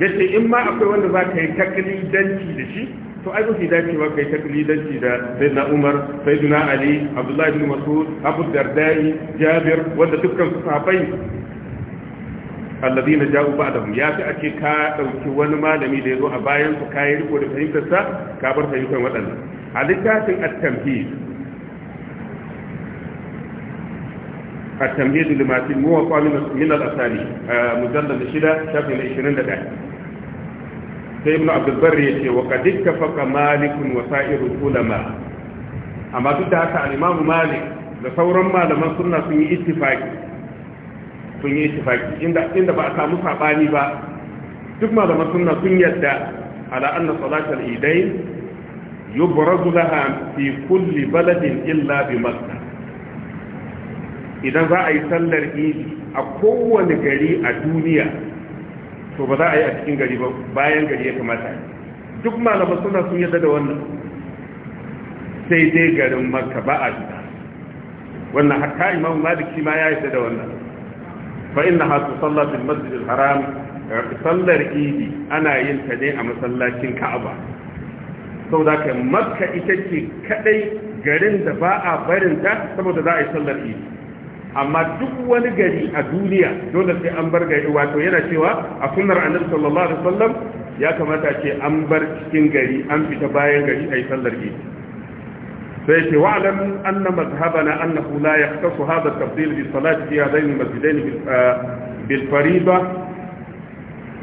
[SPEAKER 2] yace in ma akwai wanda za ka yi taklidanci da shi to ai mafi dacewa kai taklidanci da sayyidina Umar sayyidina Ali Abdullahi ibn Mas'ud Abu Darda'i Jabir wanda dukkan su sahabbai alladina ja'u ba'dahu ya fi ake ka dauki wani malami da yazo a bayan Ka yi riko da fahimtar sa ka bar fahimtar wadannan a littafin at-tamhid at-tamhid lima fi muwaqqa min al asari mujallad 6 shafin 21 sai abd al-barr yace wa qad ittafaqa malik wa sa'irul ulama amma duk da haka al-imam malik da sauran malaman sunna sun yi ittifaqi sun yi shifaki inda ba a samu saɓani ba duk malaman sunna sun yadda ala anna salatul idai yubrazu laha fi kulli baladin illa bi makka idan za a yi sallar idi a kowane gari a duniya to ba za a yi a cikin gari ba bayan gari ya kamata duk malaman suna sun yadda da wannan sai dai garin makka ba a fita wannan hatta imam malik shi ma ya yadda da wannan fa innaha masjid al haram sallar idi ana yin ta ne a masallacin ka'aba saboda kai makka ita ce kaɗai garin da ba a barin ta saboda za a yi sallar idi amma duk wani gari a duniya dole sai an bar gari wato yana cewa a sunnar annabi sallallahu alaihi wasallam ya kamata ce an bar cikin gari an fita bayan gari a yi sallar idi sai ce wa'alam na mazhabana annahu la yahtasu hadha at-tafdil bi salati fi hadain al-masjidain bil ah, fariba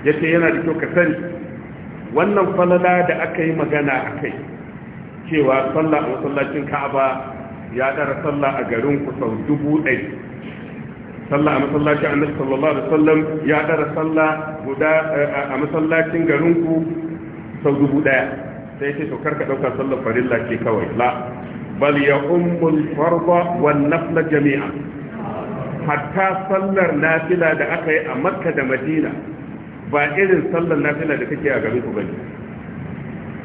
[SPEAKER 2] ce yana da kyau ka sani wannan falala da aka yi magana a kai cewa sallah a masallacin Ka'aba ya dara sallah a garin ku sau dubu ɗari sallah a masallacin annabi sallallahu alaihi wasallam ya dara sallah guda eh, a masallacin garin ku sau dubu ɗaya sai ce to karka dauka sallar farilla ce kawai la bal ya ummul wan nafla jami'a hatta sallar nafila da aka yi a makka da madina ba irin sallar nafila da kake a garin ku bane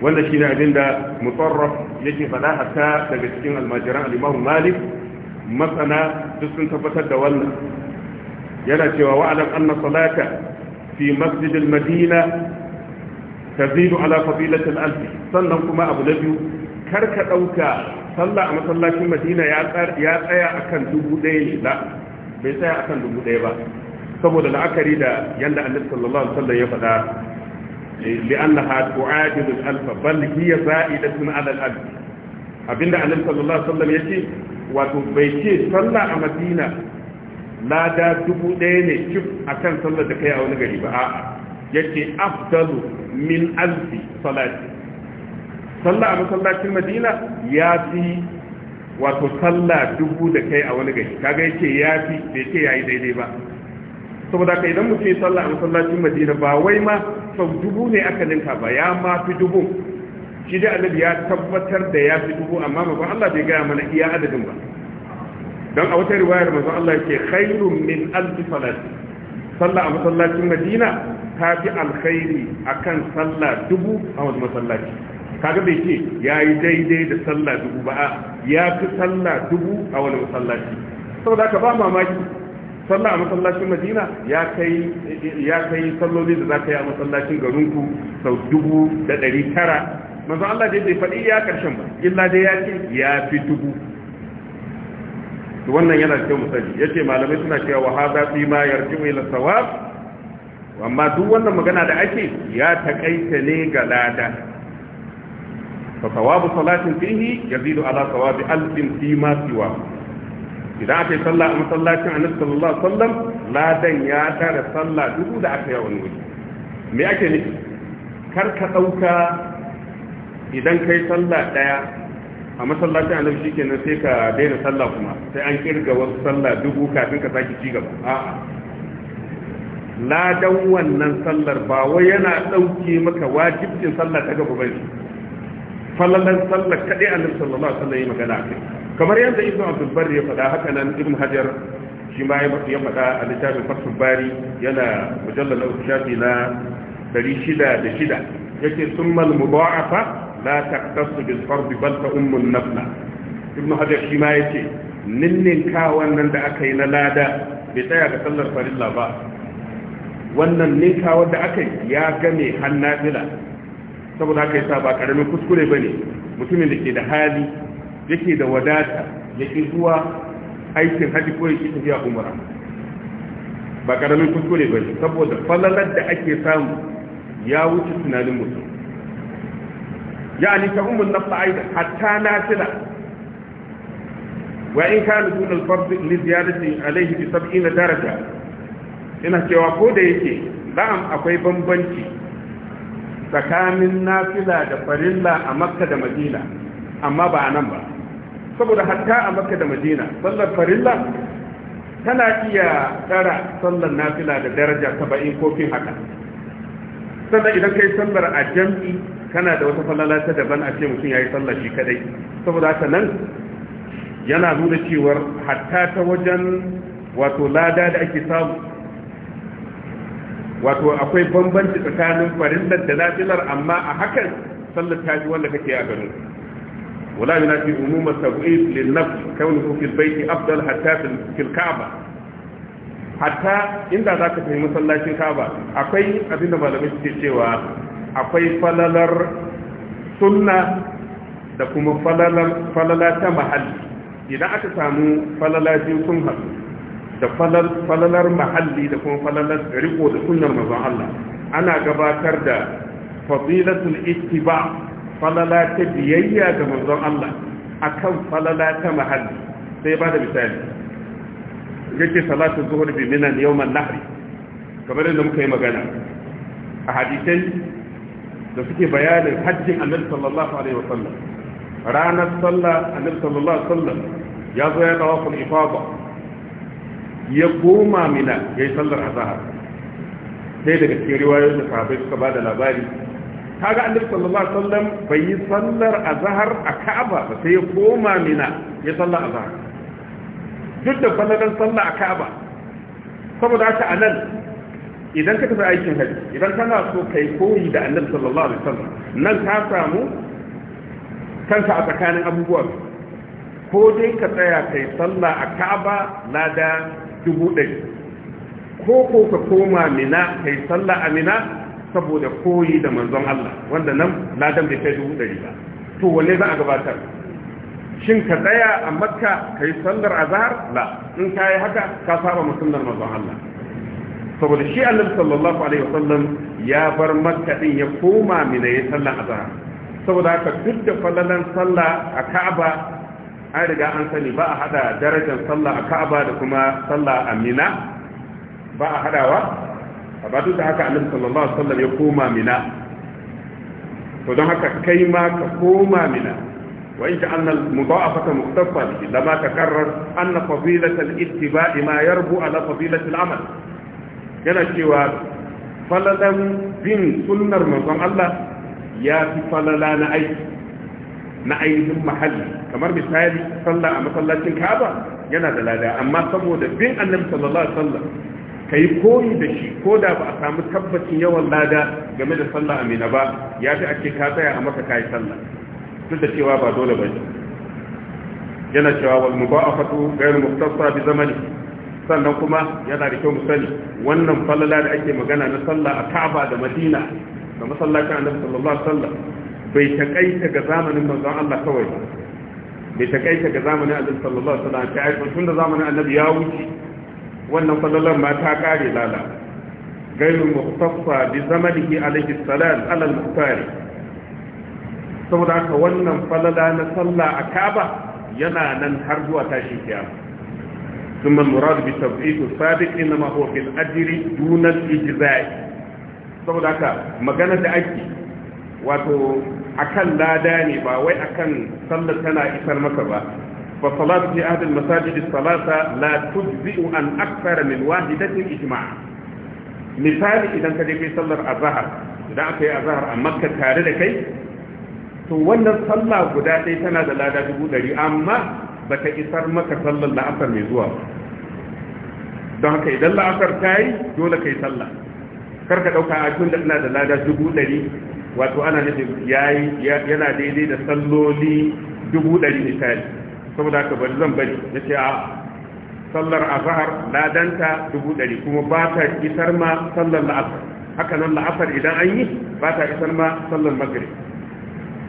[SPEAKER 2] wanda shi ne da mutarraf yake faɗa hatta daga cikin almajiran al-imam malik masana duk sun tabbatar da wannan yana cewa wa'alam anna salata fi masjidil madina tazidu ala fadilatil alf sannan kuma abu na biyu kar ka dauka sallah a masallacin madina ya tsaya akan dubu ɗaya ne la bai tsaya akan dubu ɗaya ba saboda la'akari da yadda annabi sallallahu alaihi wasallam ya faɗa لأنها تعادل الألف بل هي زائدة على الألف abinda annabi sallallahu alaihi wasallam yace wato bai ce sallah a Madina lada dubu ɗaya ne cif akan sallar da kai a wani gari ba a'a yake afdalu min alfi salati sallah a masallacin madina ya fi wato sallah dubu da kai a wani gari kaga yake ya fi bai ce yi daidai ba saboda aka idan mutum ya sallah a masallacin madina ba wai ma sau dubu ne aka ninka ba ya ma fi dubu shi dai annabi ya tabbatar da ya fi dubu amma manzon Allah bai gaya mana iya adadin ba don a wata riwayar manzon Allah ke khairun min alfi salati sallah a masallacin madina ta fi alkhairi a kan sallah dubu a wani masallaci kaga bai ce ya yi daidai da sallah dubu ba a ya fi sallah dubu a wani masallaci saboda ka ba mamaki sallah a masallacin madina ya kai ya salloli da za ka yi a masallacin garinku sau dubu da ɗari tara manzo Allah dai bai faɗi ya karshen ba illa dai ya ce ya fi dubu wannan yana cikin Ya ce malamai suna cewa wa hada fi ma yarji mai sawab amma duk wannan magana da ake ya takaita ne ga lada fa sawabu salatin fihi yazidu ala sawabi alfin fi ma siwa idan aka yi sallah a masallacin annabi sallallahu alaihi wasallam ladan ya tara sallah dubu da aka yi wani wuri me ake nufi kar ka dauka idan kai sallah daya a masallacin annabi shikenan sai ka daina sallah kuma sai an kirga wasu sallah dubu kafin ka saki ci gaba a'a ladan wannan sallar ba wai yana ɗauke maka wajibcin sallar ta gaba bane fallalan sallar kaɗai a annabi sallallahu a sallar yi magana akai kamar yadda Ibn abdul barri ya faɗa haka nan Ibn hajar shi ma ya faɗa a littafin fathul bari yana mujallal na shafi na 606 yake summal mudha'afa la taqtasu bil fard bal ta ummun nafna. Ibn hajar shi ma ce, ninnin ka wannan da aka yi na lada bai tsaya ga sallar farilla ba wannan ninka wanda aka yi ya game hannafila saboda haka sa ba karamin kuskure bane mutumin da ke da hali yake da wadata yake zuwa aikin haji ko yake tafiya umra ba karamin kuskure bane saboda falalar da ake samu ya wuce tunanin mutum ni ta ummul nafsa aida hatta tila wa in kana dunal fard li ziyadati alayhi bi 70 daraja ina cewa ko da yake na'am akwai bambanci tsakanin nafila da farilla a makka da madina amma ba a nan ba saboda hatta a makka da madina sallar farilla tana iya tsara sallar nafila da daraja saba'in kofin haka sannan idan kai sallar a jam'i kana da wata falala ta daban a ce mutum ya yi sallar shi kadai saboda haka nan yana nuna cewar hatta ta wajen wato lada da ake samu wato akwai bambanci tsakanin farillar da nafilar amma a hakan sallar ta ji wanda kake a garin wala yana fi umuma tab'id lin nafs kawnuhu fil bayti afdal hatta fil ka'ba hatta inda zaka tafi masallacin ka'ba akwai abinda malamai suke cewa akwai falalar sunna da kuma falala ta mahalli idan aka samu falala biyu sun haɗu da falalar mahalli da kuma falalar riko da sunnar manzon Allah ana gabatar da fadilatul ittiba falala ta biyayya ga mazan Allah akan falala ta mahalli sai ba da misali yake salatu zuhur bi minan yawman nahri kamar yadda muka yi magana a hadisai da suke bayanin hajjin annabi sallallahu alaihi wasallam ranar sallah annabi sallallahu alaihi wasallam ya zo ya dawo kun ifada ya goma mina ya yi sallar azahar sai daga cikin riwayoyin da sahabai suka ba da labari ta ga annabi sallallahu alaihi wasallam bai yi sallar azahar a Ka'aba ba sai ya goma mina ya sallar azahar duk da fannin sallar a Ka'aba saboda haka nan idan ka tafi aikin hajji idan kana so kai koyi da annabi sallallahu alaihi wasallam nan ka samu kanka a tsakanin abubuwa ko dai ka tsaya kai sallah a Ka'aba na da. dubu ɗari ko ko ka koma mina yi sallah a mina saboda koyi da manzon Allah wanda nan ladan bai kai dubu ɗari ba to wanne za a gabatar shin ka tsaya a makka ka yi sallar azahar? la in ka yi haka ka saba musulman manzon Allah saboda shi Allah sallallahu alaihi wasallam ya bar makka din ya koma mina ya sallar azahar. saboda haka duk da falalan sallah a Ka'aba an riga an sani ba a hada darajar sallah a ka'aba da kuma sallah a mina ba a hadawa a ba duk da haka annabi sallallahu alaihi wasallam ya koma mina to don haka kai ma ka koma mina wa in ja'alna al-mudha'afata muqtafa bi lama takarrar anna fadilata al-ittiba'i ma yarbu ala fadilati al-amal yana cewa falalan bin sunnar manzon Allah ya fi falala na aiki na ainihin mahalli kamar misali sallah a masallacin kaba yana da lada amma saboda bin annabi sallallahu alaihi ka yi koyi da shi ko da ba a samu tabbacin yawan lada game da sallah a mina ba ya fi ake ka tsaya a maka yi sallah duk da cewa ba dole ba yana cewa wal mubafatu ghayr muftasa bi zamani sannan kuma yana da kyau mu sani wannan falala da ake magana na sallah a Ka'aba da Madina da masallacin Annabi sallallahu alaihi wasallam bai taƙaita ga zamanin manzon Allah kawai bai taƙaita ga zamanin annabi sallallahu alaihi wasallam ta aiko tunda zamanin annabi ya wuce wannan fallalar ma ta kare lala gairu muhtaffa bi zamanihi alaihi salam ala al-muhtar saboda haka wannan falala na sallah a Kaaba yana nan har zuwa tashin kiyama ثم المراد بتوقيت السابق انما هو في الاجر دون الاجزاء saboda haka magana da ake wato akan lada ne ba wai akan sallar tana isar maka ba Ba salatu fi ahli masajid salata la tujzi'u an akthara min wahidatin ijma' misali idan ka je kai sallar azhar idan aka yi azhar a makka tare da kai to wannan sallah guda ɗaya tana da lada dubu ɗari amma ba ta isar maka sallar la'asar mai zuwa don haka idan la'asar ta yi dole ka yi sallah kar ka ɗauka a tun da ina da lada dubu ɗari wato ana nufin yayi yana daidai da salloli dubu ɗari misali saboda haka bari zan bari na ce a sallar azhar ladanta dubu ɗari kuma ba ta isar ma sallar la'afar haka nan la'asar idan an yi ba ta isar ma sallar maghrib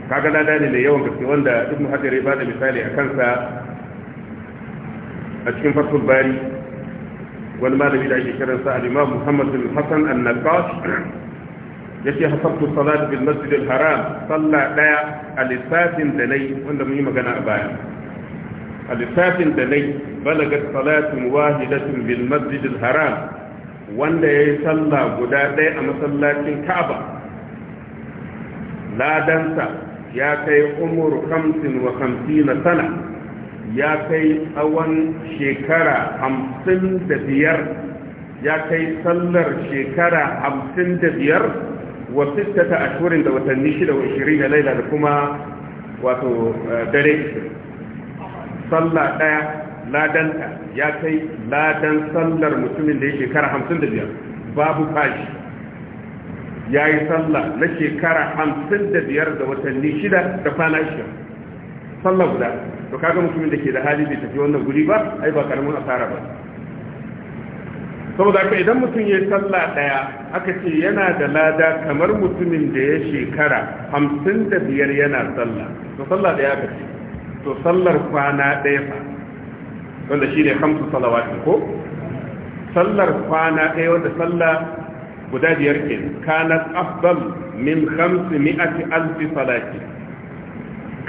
[SPEAKER 2] kaga lada ne mai yawan gaske wanda duk ibnu hajar ya bada misali a kansa a cikin fatul bari wani malami da ake kiransa al-imam muhammad bin hasan an-naqash yace hasabtu salat bil masjid al haram salla daya a lissafin da nayi wanda mun yi magana a baya a lissafin da nayi balagat salatun wahidatun bil masjid al haram wanda yayi salla guda daya a masallacin Ka'aba ladansa ya kai umur 55 sana ya kai tsawon shekara hamsin da biyar. ya kai sallar shekara hamsin da biyar. wa a ashhurin da watanni shida wa ishirin da laila da kuma wato eh, dare sallah daya ladanta ya kai ladan sallar mutumin da ya shekara hamsin da biyar babu fashi ya yi sallah na shekara hamsin da biyar da watanni shida da kwana shida sallah guda to kaga mutumin da ke da hali bai tafi wannan guri ba ai ba karamin asara ba saboda haka idan mutum ya sallah ɗaya aka ce yana da lada kamar mutumin da ya shekara hamsin da biyar yana sallah to sallah ɗaya aka ce to sallar kwana ɗaya fa wanda shi ne hamsu salawatin ko sallar kwana ɗaya wanda sallah guda biyar ke kanat afdal min hamsi mi'ati alfi salati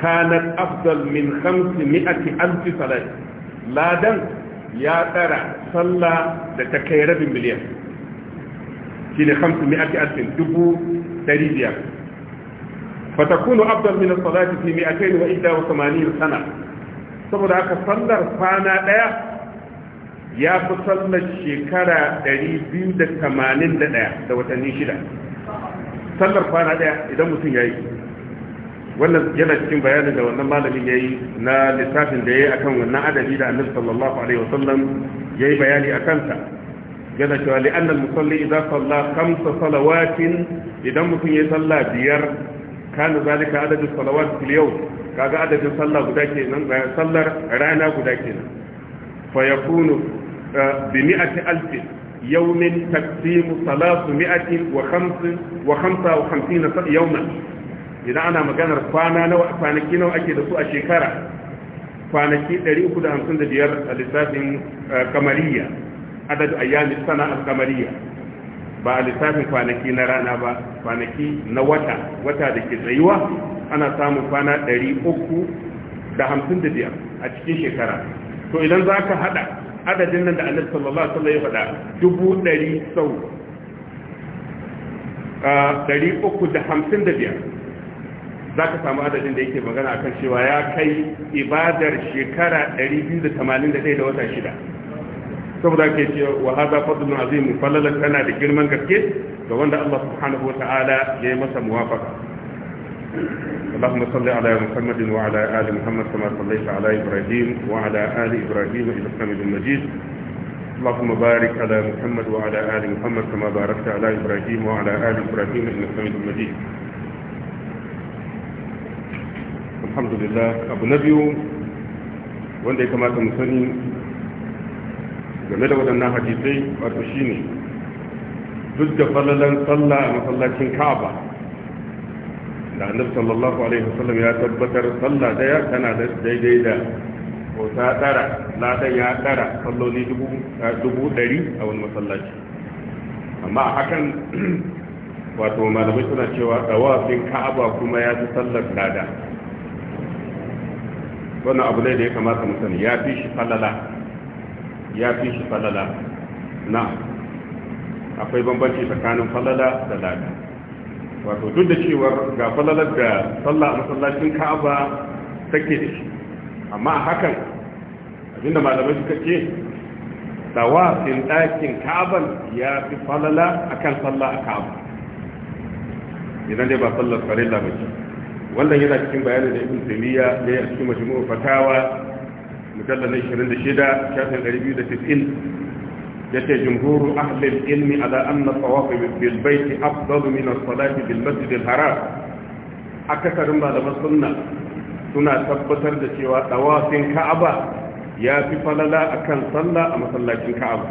[SPEAKER 2] kanat afdal min hamsi mi'ati alfi salati ladan ya tsara sallah da ta kai rabin miliyan shi ne hamsin mi'ati alfin dubu dari biyar fatakunu abdul min salati fi mi'atain wa idda wa samanin sana saboda haka sallar kwana ɗaya ya fi sallar shekara ɗari biyu da tamanin da ɗaya da watanni shida sallar kwana ɗaya idan mutum ya yi wannan yana cikin bayanin da wannan malamin ya yi na lissafin da ya yi akan wannan adadi da annabi sallallahu alaihi wasallam ya yi bayani a kanta? yana cewa li'anna musalli idan salla kamsa salawatin idan mutum ya salla biyar kana zalika adadin salawat fil yau kaga adadin salla guda kenan sallar rana guda kenan fa yakunu eh, bi mi'ati alfin yawmin taqsimu salatu mi'atin wa khamsin wa khamsa wa khamsina yawman idan ana maganar kwana nawa kwanaki nawa ake da su a shekara kwanaki 355 a lissafin eh, kamariya adadu ayyami sana al-kamariya ba a lissafin kwanaki na rana ba kwanaki na wata wata da ke tsayuwa ana samun kwana 355 a cikin shekara to idan za ka hada adadin nan da annabi sallallahu alaihi wasallam ya faɗa dubu ɗari sau eh, ɗari uku da hamsin da biyar za ka samu adadin da yake magana kan cewa ya kai ibadar shekara 281 da wata shida saboda ke ce wa haza fadlun azim fallalan tana da girman gaske ga wanda Allah subhanahu wataala ya yi masa muwafaqa اللهم صل على محمد وعلى آل محمد كما صليت على إبراهيم وعلى آل إبراهيم إنك
[SPEAKER 1] حميد مجيد اللهم بارك على محمد وعلى آل محمد كما باركت على
[SPEAKER 2] إبراهيم وعلى حميد مجيد alhamdulillah abu na biyu wanda ya kamata mu sani game da waɗannan hadisai wato shine duk da falalan sallah a masallacin ka'aba da annabi sallallahu alaihi wasallam ya tabbatar sallah daya tana da daidai da ko ta tara ladan ya tara salloli eh, dubu ɗari a wani masallaci amma a hakan wato malamai suna cewa dawafin ka'aba kuma ya fi sallar lada wannan abu ne da ya kamata mu sani ya fi shi falala ya fi shi falala na akwai bambanci tsakanin falala da lada wato duk da cewar ga falalar da sallah a masallacin ka'aba take da shi amma hakan abinda malamai suka ce dawafin ɗakin ka'aban ya fi falala akan sallah a ka'aba idan dai ba sallar farilla ba ce wannan yana cikin bayanin da ibn taymiya ne a cikin majmu'u fatawa mujallal 26 shafin 290 yace jumhuru ahli al-ilmi ala anna tawaf bil bayt afdal min as-salati bil masjid al-haram akasarin malaman sunna suna tabbatar da cewa tawafin ka'aba ya fi falala akan sallah a masallacin ka'aba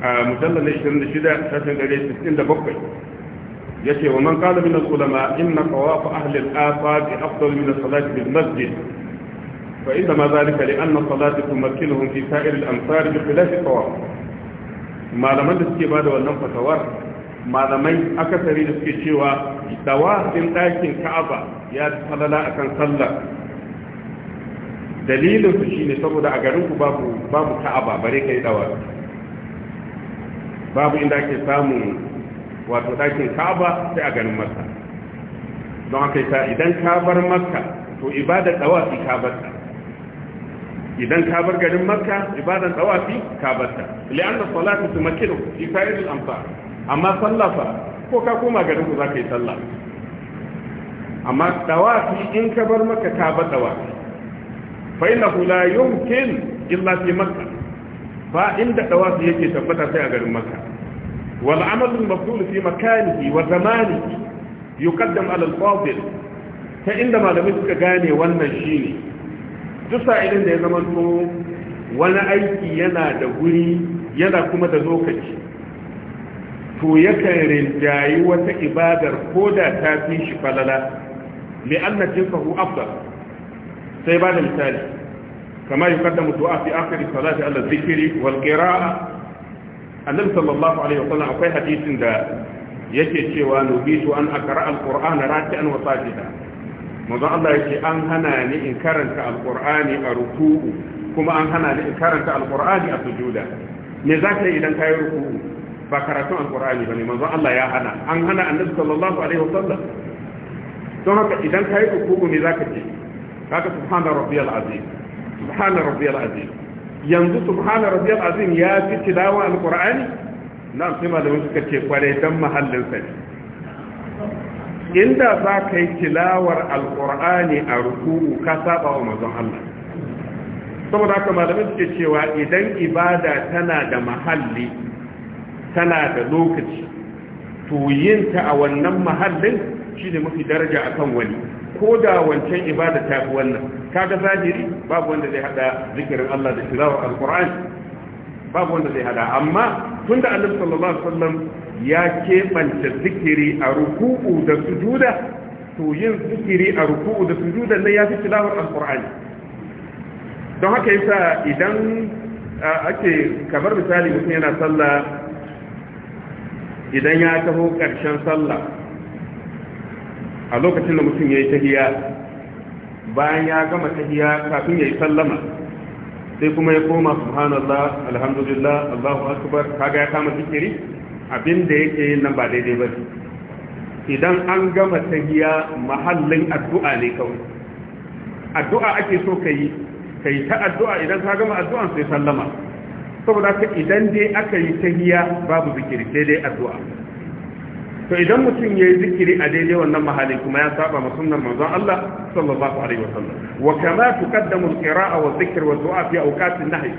[SPEAKER 2] a mujallal 26 shafin 167 yace wa man qala min al-ulama inna tawaf ahli al-afaq afdal min as-salati bil masjid fa inna ma zalika li anna salati tumakkinuhum fi sa'ir al-amsar bi khilaf tawaf malaman da suke bada wannan fatawar malamai akasari da suke cewa dawafin ɗakin ka'aba ya falala akan sallah dalilin su shine saboda a garin ku babu babu ka'aba bare kai dawafi babu inda ake samun wato ɗakin ka'aba sai a ganin makka don haka yasa idan ka bar makka to ibadar tawafi ka idan ka bar garin makka ibadar tawafi ka barta da salatu tumakkiru fi sa'iril amfa amma sallafa ko ka koma garin ku ka yi sallah amma tawafi in ka bar makka ka fai na hula innahu la yumkin illa fi makka fa inda tawafi yake tabbata sai a garin makka wal amalu mafdul fi makanihi wa zamanihi yuqaddam ala al ta inda malamai suka gane wannan shine duk sa'ilin da ya zamanto wani aiki yana da wuri yana kuma da lokaci to yakan rinjayi wata ibadar ko da ta fi shi falala li'anna jinsahu da misali kama fi annabi sallallahu alaihi wa sallam akwai hadisin da yake cewa nubitu an akra alqur'ana raki'an wa sajida manzo Allah yake an hana ni in karanta alqur'ani a ruku'u kuma an hana ni in karanta alqur'ani a sujuda me zaka yi idan kai ruku'u ba karatun alqur'ani bane manzo Allah ya hana an hana annabi sallallahu alaihi wa sallam. don haka idan kai ruku'u me zaka ce kaga subhana rabbiyal azim subhana rabbiyal azim yanzu subhana rabbiyal azim ya fi tilawa alqur'ani na sai malamin suka ce kware dan mahallin sa inda za ka yi tilawar alqur'ani a ruku'u ka saba wa manzon Allah saboda haka malamin suke cewa idan ibada tana da mahalli tana da lokaci to yin ta a wannan mahallin shine mafi daraja akan wani ko da wancan ibada ta fi wannan kaga zahiri babu wanda zai hada zikirin Allah da tilawar alquran babu wanda zai hada amma tunda annabi sallallahu alaihi wasallam ya keɓanta zikiri a ruku'u da sujuda to yin zikiri a ruku'u da sujuda ne ya fi tilawar alquran don haka yasa idan ake kamar misali mutum yana sallah idan ya taho ƙarshen sallah a lokacin da mutum ya yi tahiya bayan ya gama tahiya kafin ya yi sallama sai kuma ya koma subhanallah alhamdulillah allahu akbar kaga ya kama zikiri abin da yake yin nan ba daidai ba idan an gama tahiya mahallin addu'a ne kawai addu'a ake so ka yi ka yi ta addu'a idan ka gama addu'an sai sallama saboda ka idan dai aka yi tahiya babu zikiri sai dai addu'a to idan mutum ya yi zikiri a daidai wannan mahalin, kuma ya saba ma sunnar manzon Allah sallallahu alaihi wasallam wa kama tuqaddamu al-qira'a wa dhikr wa du'a fi awqatin nahy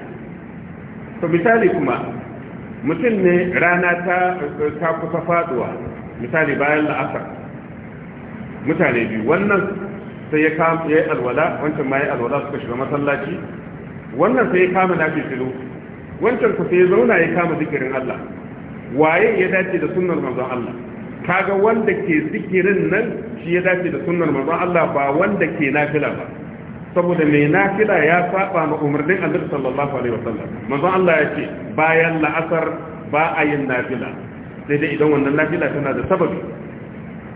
[SPEAKER 2] to misali kuma mutum ne rana ta ta kusa faduwa misali bayan la'asar mutane biyu wannan sai ya kama ya yi alwala wancan ma yi alwala suka shiga masallaci wannan sai ya kama nafi filo, wancan ku sai ya zauna ya kama zikirin Allah waye ya dace da sunnar manzon Allah kaga wanda ke zikirin nan shi ya dace da sunnar manzon Allah ba wanda ke nafila ba saboda mai nafila ya saba ma umarnin Annabi sallallahu alaihi wasallam manzon Allah ya ce bayan la'asar ba a yin nafila sai dai idan wannan nafila tana da sababi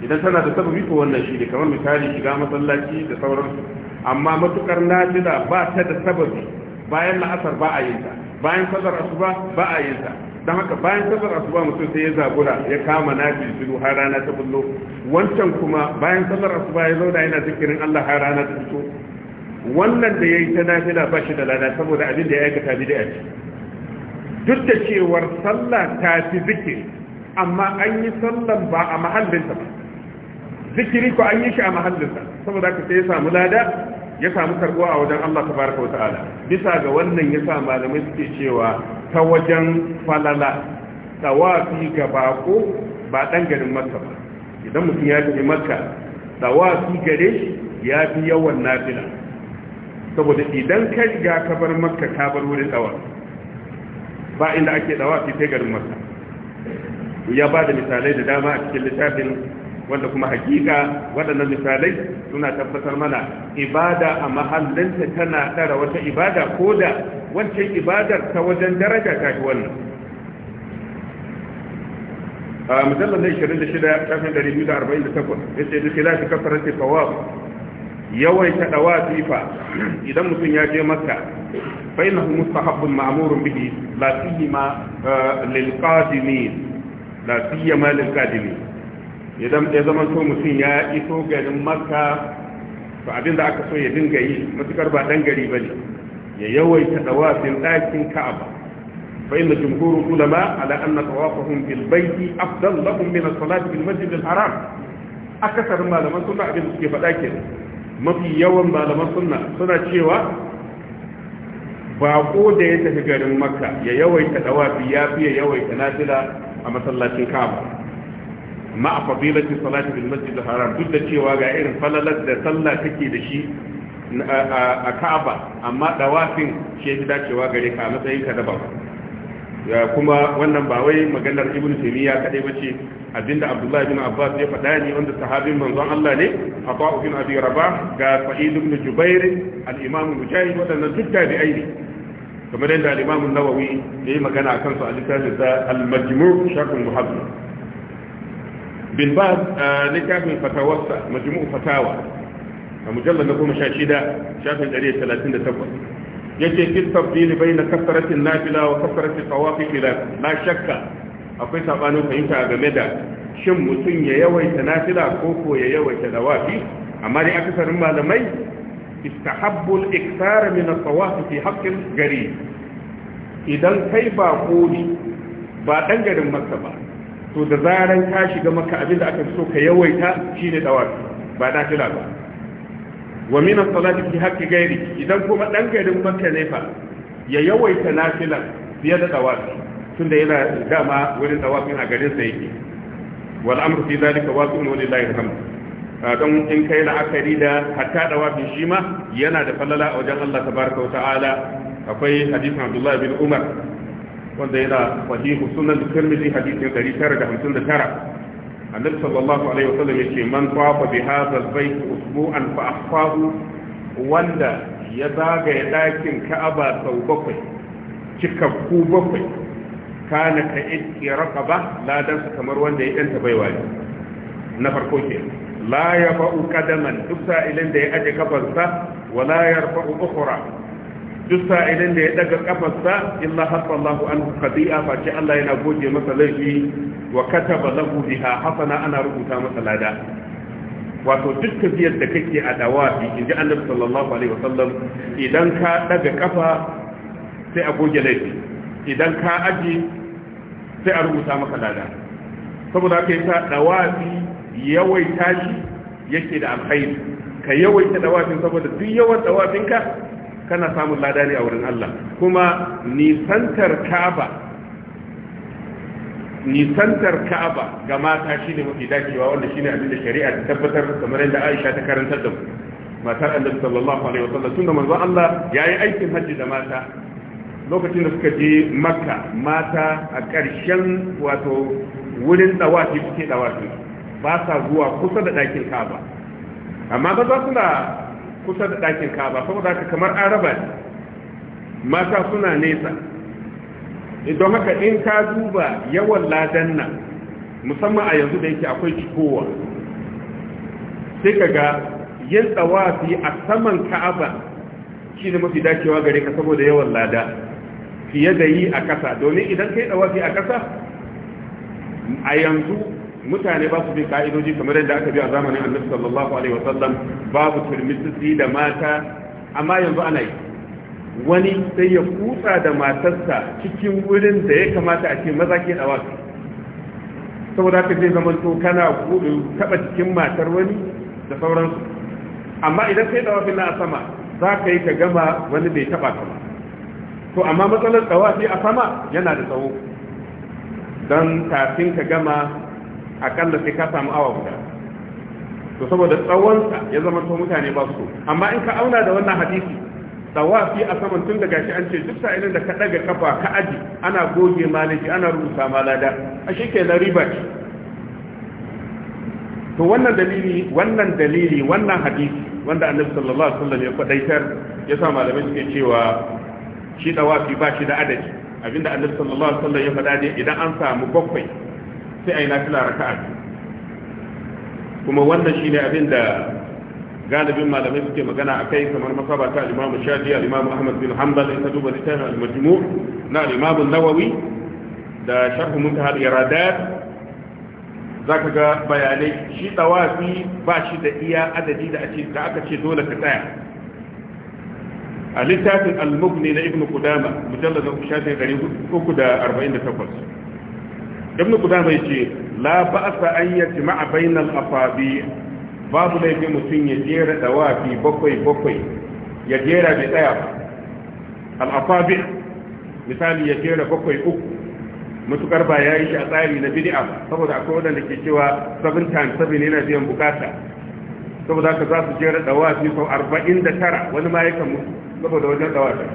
[SPEAKER 2] idan tana da sababi ko wannan shi ne kamar misali shiga masallaci da sauransu amma matukar nafila ba ta da sababi bayan la'asar ba a yin ta bayan sallar asuba ba a yin ta don haka bayan sallar asuba mutum sai ya zagura ya kama na jiru har rana ta bullo wancan kuma bayan sallar asuba ya zauna yana zikirin Allah har rana ta fito wannan da yayi ta nafila ba shi da lada saboda abin da ya aikata bi da yaci duk da cewar sallah ta fi zikiri amma an yi sallan ba a mahallinsa ba zikiri ko an yi shi a mahallinsa saboda haka sai ya samu lada ya samu karbuwa a wajen Allah Ta baraka wa ta'ala. bisa ga wannan ya sa malamai suke cewa ta wajen falala tawafi ga bako ba dan garin makka ba idan mutum ya tafi makka tawafi gare shi ya fi yawan nafila saboda idan ka riga ka bar makka ka bar wurin dawa ba inda ake tawafi sai garin makka ya ba da misalai da dama a cikin littafin wanda kuma hakika waɗannan misalai suna tabbatar mana ibada a mahallinta tana ɗara wata ibada ko da wancan ibadar ta wajen daraja ta fi wannan a mujallar na 26 shafin 248 ya ce duk ila shi kafarar tafawar yawaita dawa fifa idan mutum ya je makka fa na mustahabbun ma'murun bihi ma'amurin siyama eh, lil qadimin la siyama idan ya zama so mutum ya iso garin maka, to abin da aka so ya dinga yi matukar ba dan gari bane ya yawaita dawafin ɗakin ka'aba fa inna jumhurul ulama ala anna tawafahum bil baiti afdal lahum min as-salati bil masjid al-haram akasarin malaman sunna abin da suke faɗa kenan mafi yawan malaman sunna suna cewa bako da ya tafi garin makka ya yawaita dawafi ya fi ya yawaita nafila a masallacin ka'aba. ma a fadilati salati bil masjid al haram duk da cewa ga irin falalar da sallah take da shi a Ka'aba amma dawafin shi yake dacewa gare ka a matsayin ka daban kuma wannan ba wai maganar ibnu taymiya kadai bace abinda abdullahi bin abbas ya faɗa ne wanda sahabin manzon Allah ne abu bin abi rabah ga sa'id ibn jubair al-imam mujahid wadannan duk tabi'ai ne kamar yadda al-imam an-nawawi yayi magana akan su a littafin sa al-majmu' sharh al-muhaddith bin ba littafin fatawarsa majmu'u fatawa a mujallar na goma sha shida shafin ɗari talatin da takwas ya ce fi tafdili bai na kasaratin nafila wa kasaratin tawafi fila na shakka akwai saɓanin fahimta game da shin mutum ya yawaita nafila ko ko ya yawaita dawafi amma dai akasarin malamai istahabbul iktar min at-tawafi fi haqqil gari idan kai ba ne ba dan garin makka ba to da zaran ka shiga maka abinda aka so ka yawaita shine dawafi ba na fila ba wa min as-salati fi haqqi ghairi idan kuma dan garin makka ne fa ya yawaita nafila fiye da dawafi tunda yana dama wurin dawafin a garin sa yake wal amru fi zalika wasi'un walillahi alhamd ah, don in kai la'akari da hatta da wafin shi ma yana da falala a wajen Allah tabaraka wa ta'ala akwai hadisin Abdullah bin Umar wanda yana sahihu sunan tirmidhi hadisin 959 annabi sallallahu alaihi wasallam yace man tawafa bi hadha albayt usbu'an fa ahfahu wanda ya zagaya dakin ka'aba sau bakwai cikakku bakwai kana ka iski raqaba ladan kamar wanda ya danta baiwa ne na farko ke la yafa'u qadaman duk sa'ilin da ya aje kafarsa wala yarfa'u ukhra duk sa'ilin da ya daga kafarsa illa hafa Allahu an qadi'a fa ce Allah yana goge masa laifi wa kataba lahu biha hasana ana rubuta masa lada wato duk tafiyar da kake a dawafi inji Annabi sallallahu alaihi wasallam idan ka daga kafa sai a goge laifi idan ka aji sai a rubuta maka lada saboda haka yasa dawafi yawaita shi yake da alkhairi ka yawaita dawafin saboda duk yawan dawafinka kana samun lada ne a wurin Allah kuma nisantar Ka'aba nisantar Ka'aba ga mata shine mafi dacewa wanda shine abin da shari'a ta tabbatar kamar yadda Aisha ta karantar da mu matar Annabi sallallahu alaihi wasallam tunda manzo Allah yayi aikin hajji da mata lokacin da suka je Makka mata a ƙarshen wato wurin dawafi suke dawafi ba sa zuwa kusa da ɗakin Ka'aba amma ba za su da. kusa da ɗakin ka'aba saboda haka kamar araba ne, mata suna nesa don haka in ka duba yawan ladan nan musamman a yanzu da yake akwai cikowa sai ka ga yin tsawafi a saman ka'aba shi ne mafi dacewa gare ka saboda yawan lada fiye da yi a ƙasa domin idan ka yi tsawafi a ƙasa a yanzu mutane ba su bin ka'idoji kamar yadda aka bi a zamanin annabi sallallahu alaihi wasallam babu turmisi da mata amma yanzu ana yi wani sai ya kutsa da matarsa cikin wurin da ya kamata a ce maza ke dawa saboda ka zai zama to kana taba cikin matar wani da sauransu amma idan kai dawa na a sama za ka yi ka gama wani bai taba ka ba to amma matsalar dawa a sama yana da tsawo don kafin ka gama akalla sai ka samu awa guda to saboda tsawonsa ya zama to mutane ba su amma in ka auna da wannan hadisi tawafi a saman tun daga shi an ce duk sa'ilin da ka daga kafa ka aji ana goge maliki, ana rubuta malada a shi ke na riba ce to wannan dalili wannan dalili wannan hadisi wanda annabi sallallahu alaihi wasallam ya kwadaitar ya sa malamai suke cewa shi tawafi ba shi da adadi abinda annabi sallallahu alaihi wasallam ya faɗa idan an samu bakwai sai a yi nafila raka'a kuma wannan shi ne abin da galibin malamai suke magana a kai kamar masaba ta al-imamu shafi al ahmad bin hanbal in ka duba littafin al na al-imamu nawawi da sharhu muntahal za ka ga bayanai shi tawafi ba shi da iya adadi da ake da aka ce dole ka tsaya a littafin al-mughni na ibnu qudama mujallad 348 ibn qudama yace la ba'sa an yajma'a bainal afabi babu laifi mutum ya jera dawafi bakwai bakwai ya jera bi daya al afabi misali ya jera bakwai uku mutukar ba ya yi shi a tsari na bid'a saboda akwai wadanda ke cewa 7 times 7 yana biyan bukata saboda haka za su jera dawafi sau tara wani ma yakan mutu saboda wajen dawafi